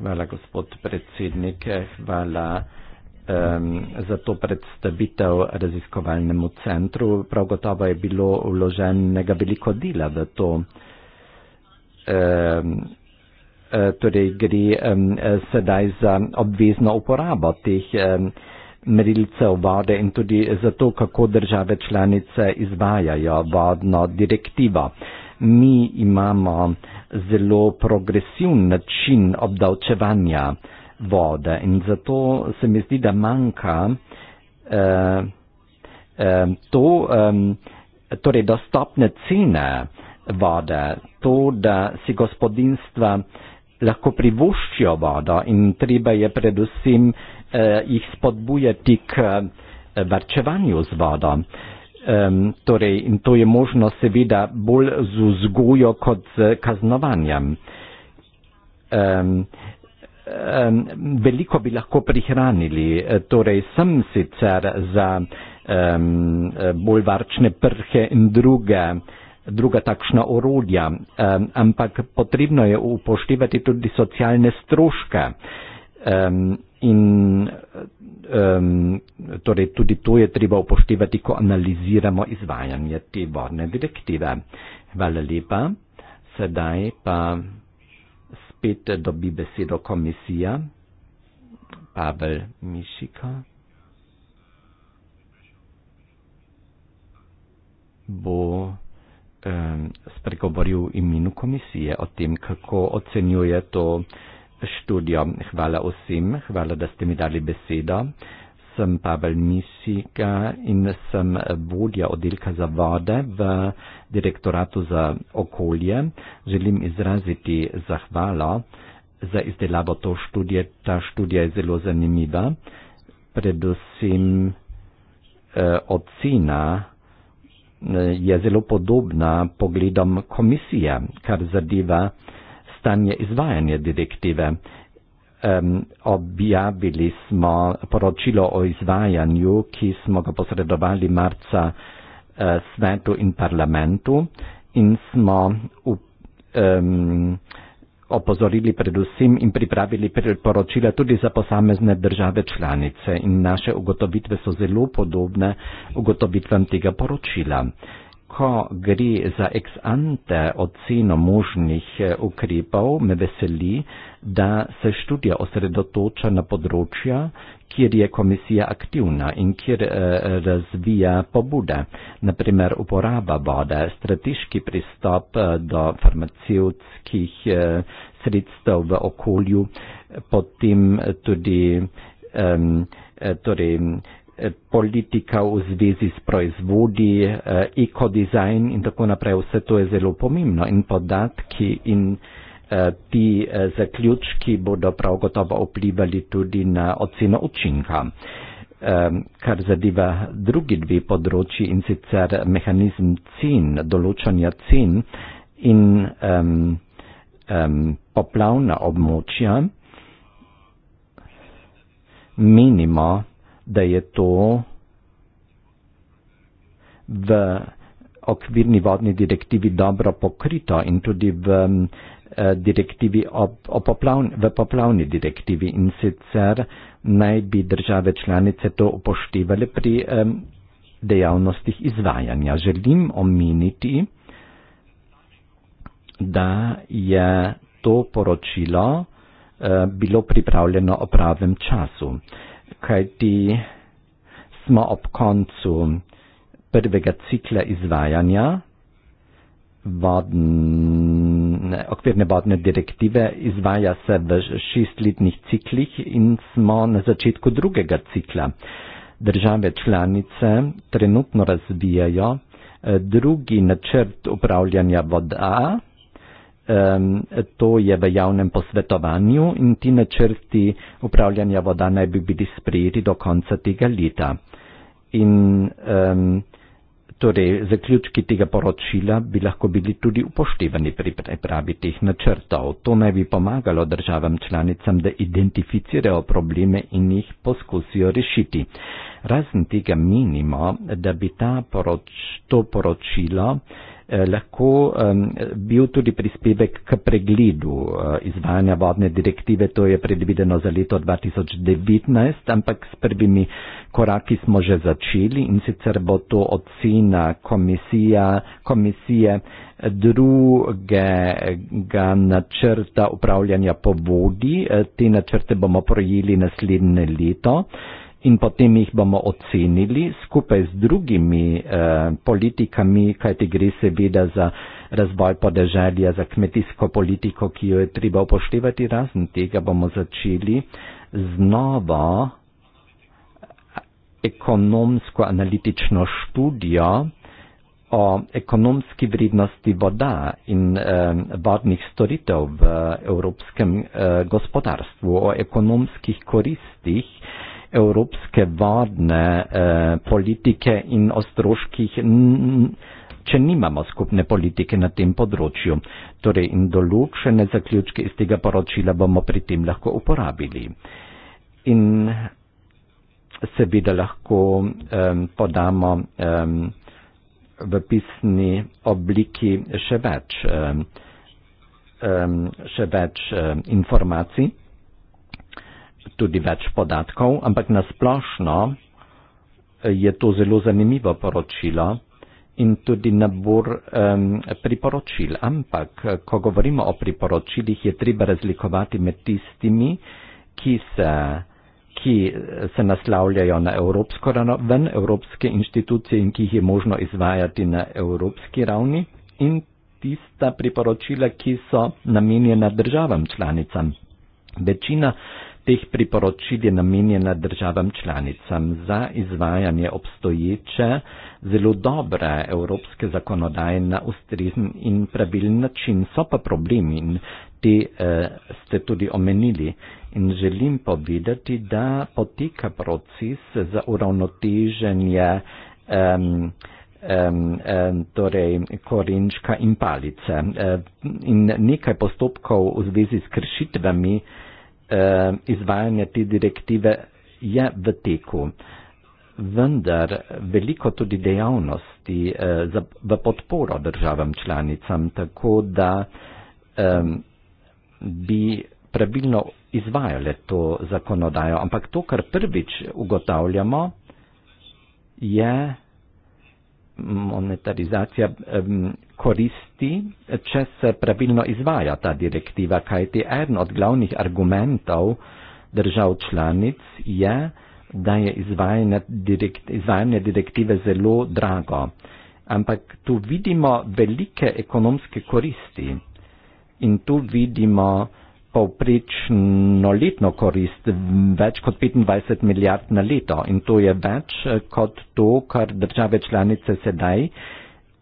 Hvala, gospod predsednik. Hvala um, za to predstavitev raziskovalnemu centru. Prav gotovo je bilo vloženega veliko dela v to. Um, torej gre um, sedaj za obvezno uporabo teh um, merilcev vode in tudi za to, kako države članice izvajajo vodno direktivo. Uh, mi imamo zelo progresiven način obdavčevanja vode in zato se mi zdi, da manjka eh, eh, to, eh, torej dostopne cene vode, to, da si gospodinstva lahko privoščijo vodo in treba je predvsem eh, jih spodbujati k eh, varčevanju z vodo. Eh, um, torej, in to je možno seveda bolj z vzgojo kot z kaznovanjem. Um, um, veliko bi lahko prihranili, e, torej sem sicer za um, bolj varčne prhe in druge, druga takšna orodja, um, ampak potrebno je upoštevati tudi socialne stroške. Um, in um, torej tudi to je treba upoštevati, ko analiziramo izvajanje te vodne direktive. Hvala lepa. Sedaj pa spet dobi besedo komisija. Pavel Mišika. bo um, spregovoril imenu komisije o tem, kako ocenjuje to uh, študijo. Hvala vsem, hvala, da ste mi dali besedo. Sem Pavel Misika eh, in sem vodja oddelka za vode v direktoratu za okolje. Želim izraziti zahvalo za izdelavo to študije. Ta študija je zelo zanimiva. Predvsem eh, ocena eh, je zelo podobna pogledom komisije, kar zadeva eh, stanje izvajanja direktive. Um, objavili smo poročilo o izvajanju, ki smo ga posredovali marca uh, svetu in parlamentu in smo v, um, opozorili predvsem in pripravili poročila tudi za posamezne države članice in naše ugotovitve so zelo podobne ugotovitvam tega poročila ko gre za ex-ante oceno možnih eh, ukrepov, me veseli, da se študija osredotoča na področja, kjer je komisija aktivna in kjer eh, razvija pobude, naprimer uporaba vode, strateški pristop eh, do farmacevskih eh, sredstev v okolju, potem tudi eh, torej, Eh, politika v zvezi s proizvodi, eh, ekodizajn in tako naprej. Vse to je zelo pomembno in podatki in eh, ti zaključki bodo prav gotovo vplivali tudi na oceno učinka. Ehm, kar zadeva drugi dve področji in sicer mehanizem cen, določanja cen in um, um, poplavna območja, menimo, da je to v okvirni vodni direktivi dobro pokrito in tudi v, eh, direktivi o, o poplavni, v poplavni direktivi in sicer naj bi države članice to upoštevali pri um, dejavnostih izvajanja. Želim omeniti, da je to poročilo uh, bilo pripravljeno o pravem času. Uh, kajti smo ob koncu prvega cikla izvajanja vodne, okvirne vodne direktive, izvaja se v šestletnih ciklih in smo na začetku drugega cikla. Države članice trenutno razvijajo eh, drugi načrt upravljanja voda, um, to je v javnem posvetovanju in ti načrti upravljanja voda naj bi bili sprejeti do konca tega leta. In um, torej zaključki tega poročila bi lahko bili tudi upoštevani pri pripravi teh načrtov. To naj bi pomagalo državam članicam, da identificirajo probleme in jih poskusijo rešiti. Razen tega menimo, da bi ta poroč, to poročilo uh, Eh, lahko um, bil tudi prispevek k pregledu uh, izvajanja vodne direktive, to je predvideno za leto 2019, ampak s prvimi koraki smo že začeli in sicer bo to ocena komisija, komisije drugega načrta upravljanja povodi. Eh, te načrte bomo projeli naslednje leto. Uh, in potem jih bomo ocenili skupaj z drugimi eh, politikami, kajti gre seveda za razvoj podeželja, za kmetijsko politiko, ki jo je treba upoštevati. Razen tega bomo začeli z novo eh, ekonomsko-analitično študijo o ekonomski vrednosti voda in eh, vodnih storitev v evropskem eh, gospodarstvu, o ekonomskih koristih, evropske vodne eh, politike in o stroških, če nimamo skupne politike na tem področju. Torej in določene zaključke iz tega poročila bomo pri tem lahko uporabili. In seveda lahko eh, podamo eh, v pisni obliki še več. Eh, še več informacij tudi več podatkov, ampak nasplošno eh, je to zelo zanimivo poročilo in tudi nabor um, priporočil. Ampak, eh, ko govorimo o priporočilih, je treba razlikovati med tistimi, ki se, ki eh, se naslavljajo na evropsko raven, evropske inštitucije in ki jih je možno izvajati na evropski ravni in tista priporočila, ki so namenjena državam članicam. Večina teh priporočil je namenjena državam članicam za izvajanje obstoječe zelo dobre evropske zakonodaje na ustrezen in pravilen način. So pa problemi in te eh, ste tudi omenili. In želim povedati, da poteka proces za uravnoteženje um, um, um, torej korenčka in palice. Eh, in nekaj postopkov v zvezi s kršitvami. Ehm, izvajanja te direktive je v teku. Vendar veliko tudi dejavnosti eh, za, v podporo državam članicam, tako da eh, bi pravilno izvajale to zakonodajo. Ampak to, kar prvič ugotavljamo, je monetarizacija koristi, če se pravilno izvaja ta direktiva, kajti eden od glavnih argumentov držav članic je, da je izvajanje, direkt, izvajanje direktive zelo drago. Ampak tu vidimo velike ekonomske koristi in tu vidimo povprično letno korist več kot 25 milijard na leto in to je več eh, kot to, kar države članice sedaj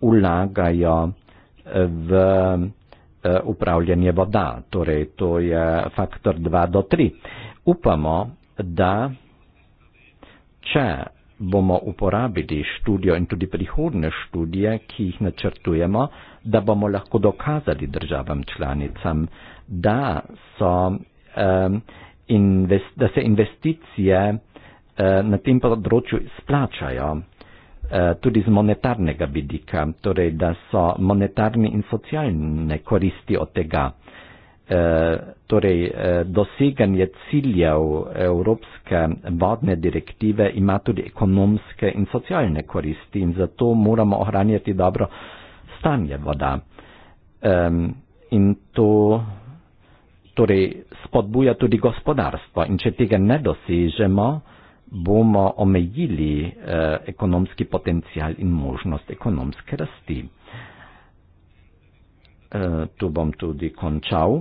ulagajo eh, v eh, upravljanje voda. Torej, to je faktor 2 do 3. Upamo, da če bomo uporabili študijo in tudi prihodne študije, ki jih načrtujemo, da bomo lahko dokazali državam članicam, da so um, invest, da se investicije uh, na tem področju splačajo uh, eh, tudi z monetarnega vidika, torej da so monetarne in socialne koristi od tega. Uh, torej, uh, doseganje ciljev Evropske vodne direktive ima tudi ekonomske in socialne koristi in zato moramo ohranjati dobro stanje voda. Um, in to torej spodbuja tudi gospodarstvo in če tega ne dosežemo, bomo omejili eh, ekonomski potencial in možnost ekonomske rasti. Eh, tu bom tudi končal.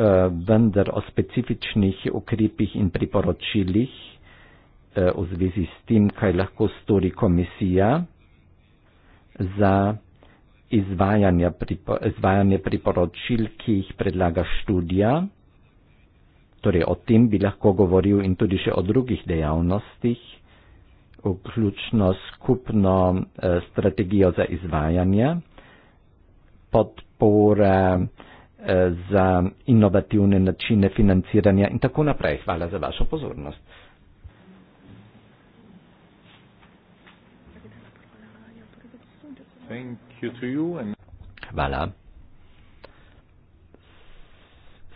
Eh, vendar o specifičnih ukrepih in priporočilih eh, v zvezi s tem, kaj lahko stori komisija za izvajanja pripo, izvajanje priporočil, ki jih predlaga študija. Torej, o tem bi lahko govoril in tudi še o drugih dejavnostih, vključno skupno eh, strategijo za izvajanje, podpore eh, za inovativne načine financiranja in tako naprej. Hvala za vašo pozornost. Thank you you to you and Hvala.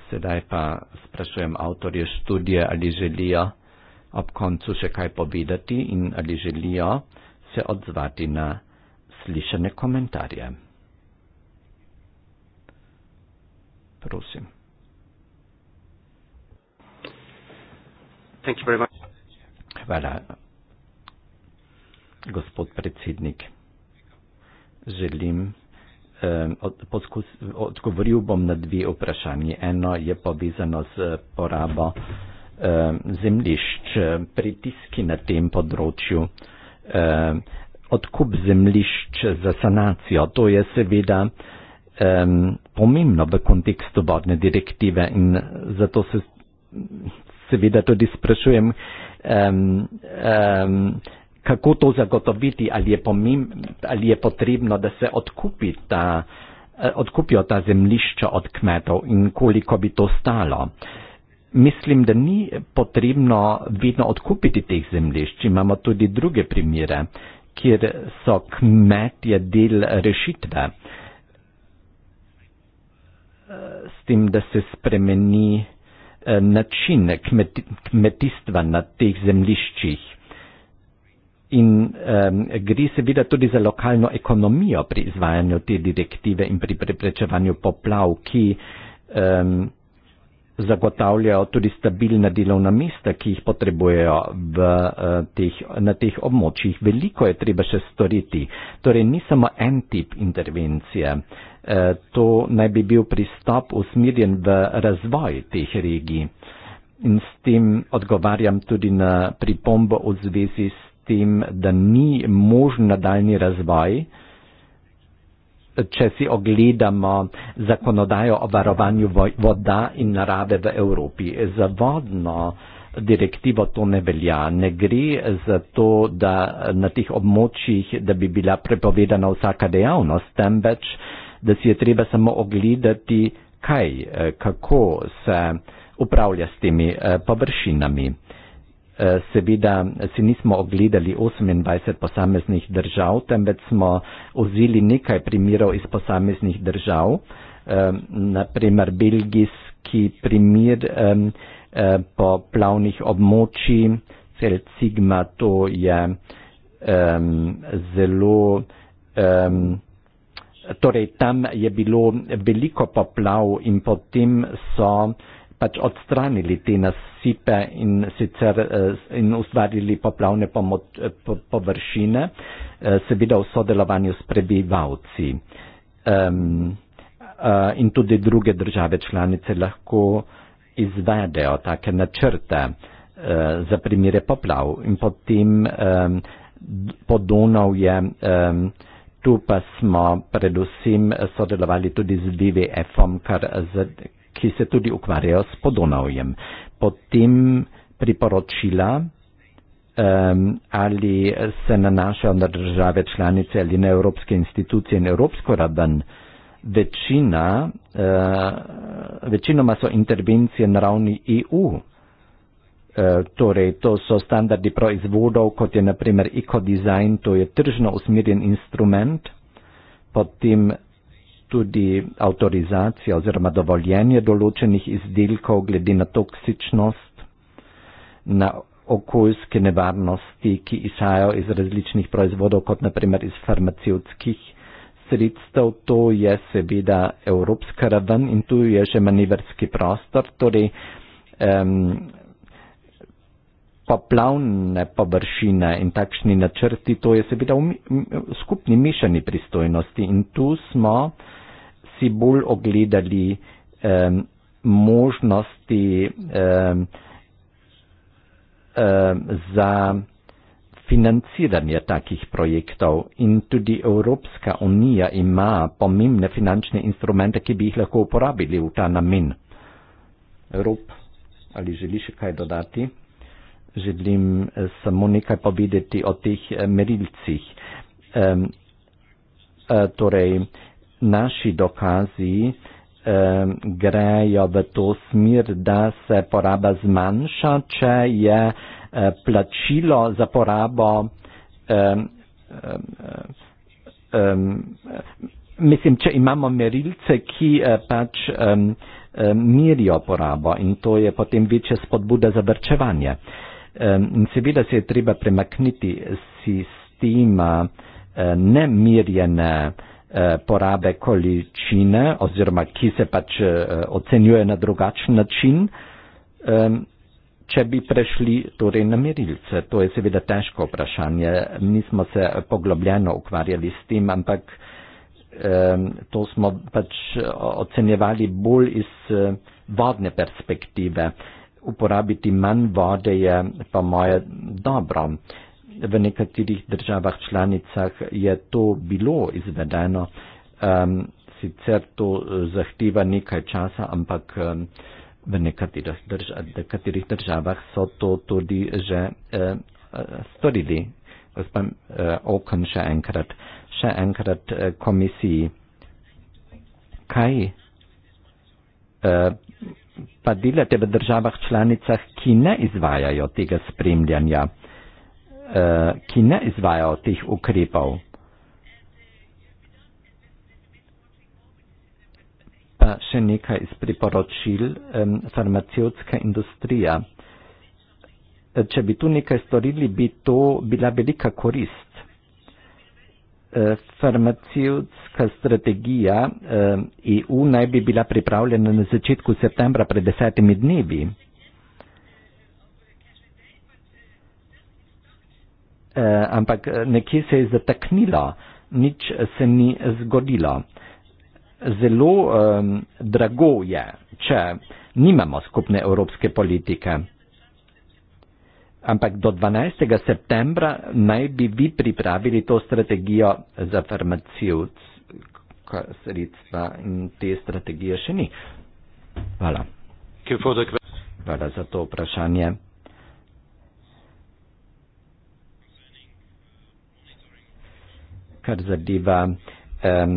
Sedaj pa sprašujem avtorje študije, ali želijo ob koncu še kaj povedati in ali želijo se odzvati na slišene komentarje. Prosim. Hvala, gospod predsednik želim, poskus, odgovoril bom na dve vprašanje. Eno je povezano z porabo zemljišč, pritiski na tem področju, odkup zemljišč za sanacijo. To je seveda pomembno v kontekstu vodne direktive in zato se seveda tudi sprašujem kako to zagotoviti, ali je, pomim, ali je potrebno, da se odkupi ta, eh, odkupijo ta zemlišča od kmetov in koliko bi to stalo. Mislim, da ni potrebno vedno odkupiti teh zemlišč. Imamo tudi druge primere, kjer so kmetje del rešitve. Eh, s tem, da se spremeni eh, način kmetijstva na teh zemliščih. In um, gre seveda tudi za lokalno ekonomijo pri izvajanju te direktive in pri preprečevanju poplav, ki um, zagotavljajo tudi stabilna delovna mesta, ki jih potrebujejo v, uh, teh, na teh območjih. Veliko je treba še storiti. Torej, ni samo en tip intervencije. Uh, to naj bi bil pristop usmerjen v razvoj teh regij. In s tem odgovarjam tudi na pripombo v zvezi s tem, da ni možen nadaljni razvoj, če si ogledamo zakonodajo o varovanju voda in narave v Evropi. Za vodno direktivo to ne velja. Ne gre za to, da na teh območjih, da bi bila prepovedana vsaka dejavnost, temveč, da si je treba samo ogledati, kaj, eh, kako se upravlja s temi eh, površinami. Eh, seveda si nismo ogledali 28 posameznih držav, temveč smo vzeli nekaj primerov iz posameznih držav, eh, naprimer belgijski primer eh, po plavnih območji, cel sigma to je zelo. Torej, tam je bilo veliko poplav in potem so pač odstranili te nasipe in, sicer, eh, in ustvarili poplavne pomoč, eh, površine, eh, seveda v sodelovanju s prebivalci. In tudi druge države članice lahko izvedejo take načrte za primere poplav in potem po Donovje. Tu pa smo predvsem sodelovali tudi z DVF-om, kar, ki se tudi ukvarjajo s podonavjem. Potem priporočila, um, ali se nanašajo na države članice ali na evropske institucije in evropsko raven, Večina, uh, večinoma so intervencije na ravni EU. Eh, torej, to so standardi proizvodov, kot je naprimer ekodizajn, to je tržno usmerjen instrument, potem tudi avtorizacija oziroma dovoljenje določenih izdelkov glede na toksičnost, na okoljske nevarnosti, ki izhajajo iz različnih proizvodov, kot naprimer iz farmacijskih sredstev. To je seveda evropska raven in tu je že manevrski prostor. Torej, um, pa plavne površine in takšni načrti, to je seveda skupni mešani pristojnosti in tu smo si bolj ogledali eh, možnosti eh, eh, za financiranje takih projektov in tudi Evropska unija ima pomembne finančne instrumente, ki bi jih lahko uporabili v ta namen. Rob, ali želiš kaj dodati? želim eh, samo nekaj povedeti o teh eh, merilcih. Eh, torej, naši dokazi grejo v to smer, da se poraba zmanjša, če je plačilo za porabo, mislim, če imamo merilce, ki pač mirijo porabo in to je potem večja spodbuda za vrčevanje. Seveda se je treba premakniti sistema eh, nemirjene eh, porabe količine oziroma ki se pač eh, ocenjuje na drugačen način, če bi prešli torej na merilce. To je seveda težko vprašanje. Nismo se poglobljeno ukvarjali s tem, ampak to smo pač ocenjevali bolj iz vodne perspektive uporabiti manj vode je pa moje dobro. V nekaterih državah članicah je to bilo izvedeno, um, sicer to eh, zahteva nekaj časa, ampak um, v nekaterih, drža nekaterih državah so to tudi že uh, storili. Gospod uh, eh, Okon, še enkrat, še enkrat uh, komisiji. Kaj? Uh, pa delate v državah članicah, ki ne izvajajo tega spremljanja, eh, ki ne izvajajo teh ukrepov. Pa še nekaj iz priporočil farmacijotska industrija. Če bi tu nekaj storili, bi to bila velika korist. Eh, farmacijska strategija EU eh, e naj bi bila pripravljena na začetku septembra pred desetimi dnevi. Eh, ampak nekje se je zataknilo, nič se ni zgodilo. Zelo drago je, če nimamo skupne evropske politike ampak do 12. septembra naj bi vi pripravili to strategijo za farmacijske sredstva in te strategije še ni. Hvala. Hvala za to vprašanje. Kar zadeva um,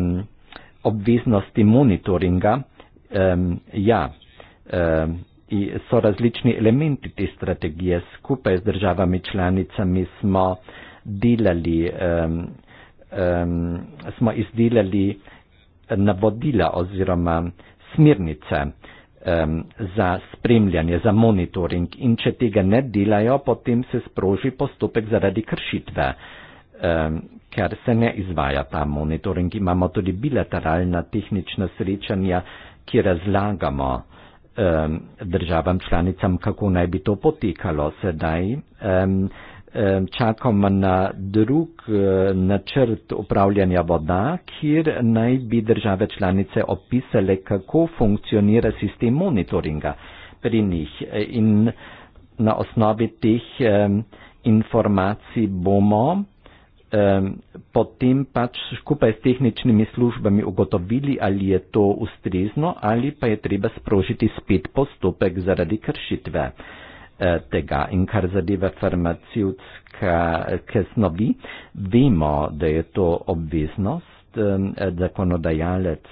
obveznosti monitoringa, um, ja, um, in so različni elementi te strategije. Skupaj z državami članicami smo, delali, um, um, smo izdelali navodila oziroma smirnice um, za spremljanje, za monitoring in če tega ne delajo, potem se sproži postopek zaradi kršitve. Um, ker se ne izvaja ta monitoring. Imamo tudi bilateralna tehnična srečanja, ki razlagamo uh, državam članicam, kako naj bi to potekalo sedaj. Čakamo na drug eh, načrt upravljanja voda, kjer naj bi države članice opisale, kako funkcionira sistem monitoringa pri njih. In na osnovi teh informacij bomo potem pač skupaj s tehničnimi službami ugotovili, ali je to ustrezno ali pa je treba sprožiti spet postopek zaradi kršitve eh, tega. In kar zadeva farmacijske snovi, vemo, da je to obveznost. Zakonodajalec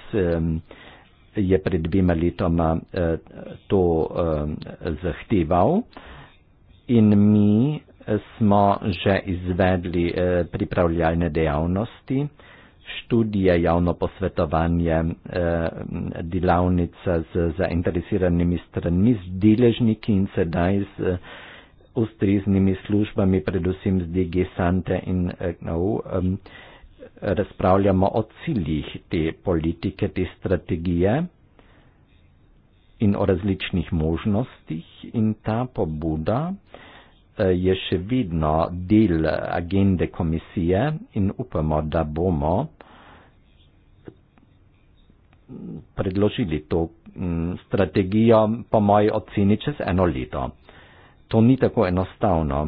je pred dvema letoma eh, to zahteval. In mi smo že izvedli eh, pripravljalne dejavnosti, študije, javno posvetovanje, eh, delavnice z zainteresiranimi strani, z deležniki in sedaj z eh, ustriznimi službami, predvsem z Digisante in EGNU, razpravljamo o ciljih te politike, te strategije in o različnih možnostih in ta pobuda, Eh, je še vedno del eh, agende komisije in upamo, da bomo mm, predložili to mm, strategijo, po moji oceni, čez eno leto. To ni tako enostavno,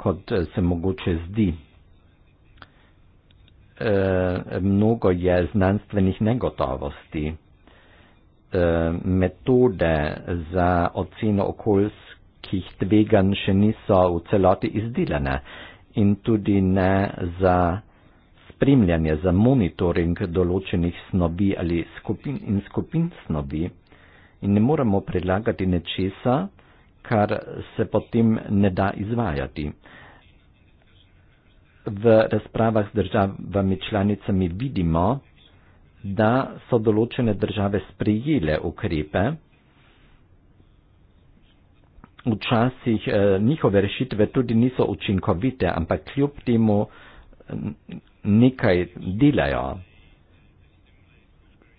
kot eh, se mogoče zdi. E, mnogo je znanstvenih negotovosti. Eh, metode za oceno okoljskih tveganj še niso v celoti izdelane in tudi ne za spremljanje, za monitoring določenih snovi ali skupin in skupin snovi in ne moremo predlagati nečesa, kar se potem ne da izvajati. V razpravah z državami članicami vidimo, da so določene države sprijele ukrepe, včasih eh, njihove rešitve tudi niso učinkovite, ampak kljub temu nekaj delajo.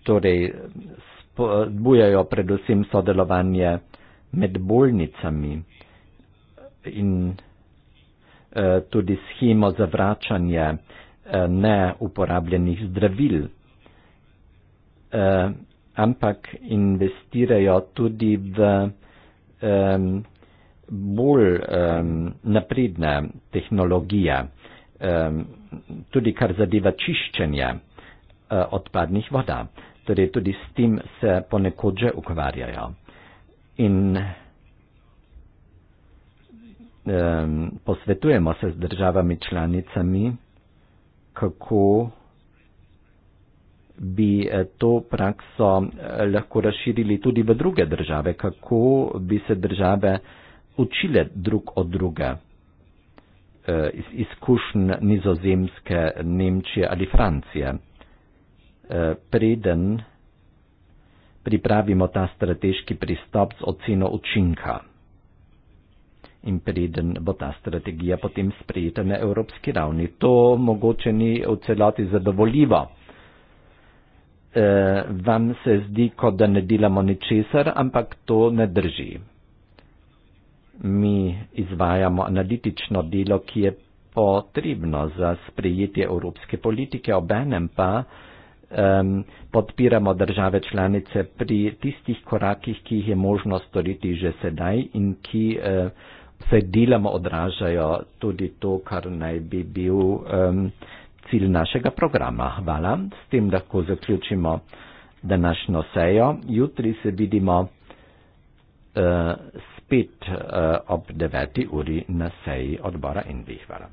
Torej, spodbujajo predvsem sodelovanje med bolnicami in eh, tudi schemo zavračanja eh, neuporabljenih zdravil. Eh, ampak investirajo tudi v um, bolj um, napredna tehnologija, um, tudi kar zadeva čiščenje uh, odpadnih voda. Torej tudi s tem se ponekod že ukvarjajo. In um, posvetujemo se z državami članicami, kako bi eh, to prakso eh, lahko razširili tudi v druge države, kako bi se države učile drug od druge eh, iz izkušenj nizozemske, Nemčije ali Francije. Preden pripravimo ta strateški pristop z oceno učinka in preden bo ta strategija potem sprejeta na evropski ravni. To mogoče ni v celoti zadovoljivo eh, vam se zdi, kot da ne delamo ničesar, ampak to ne drži. Mi izvajamo analitično delo, ki je potrebno za sprejetje evropske politike, obenem pa um, podpiramo države članice pri tistih korakih, ki jih je možno storiti že sedaj in ki uh, eh, se delamo odražajo tudi to, kar naj bi bil um, cilj našega programa. Hvala, s tem lahko zaključimo današnjo sejo. Jutri se vidimo uh, spet uh, ob 9. uri na seji odbora in vi. Hvala.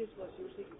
Jesus was using.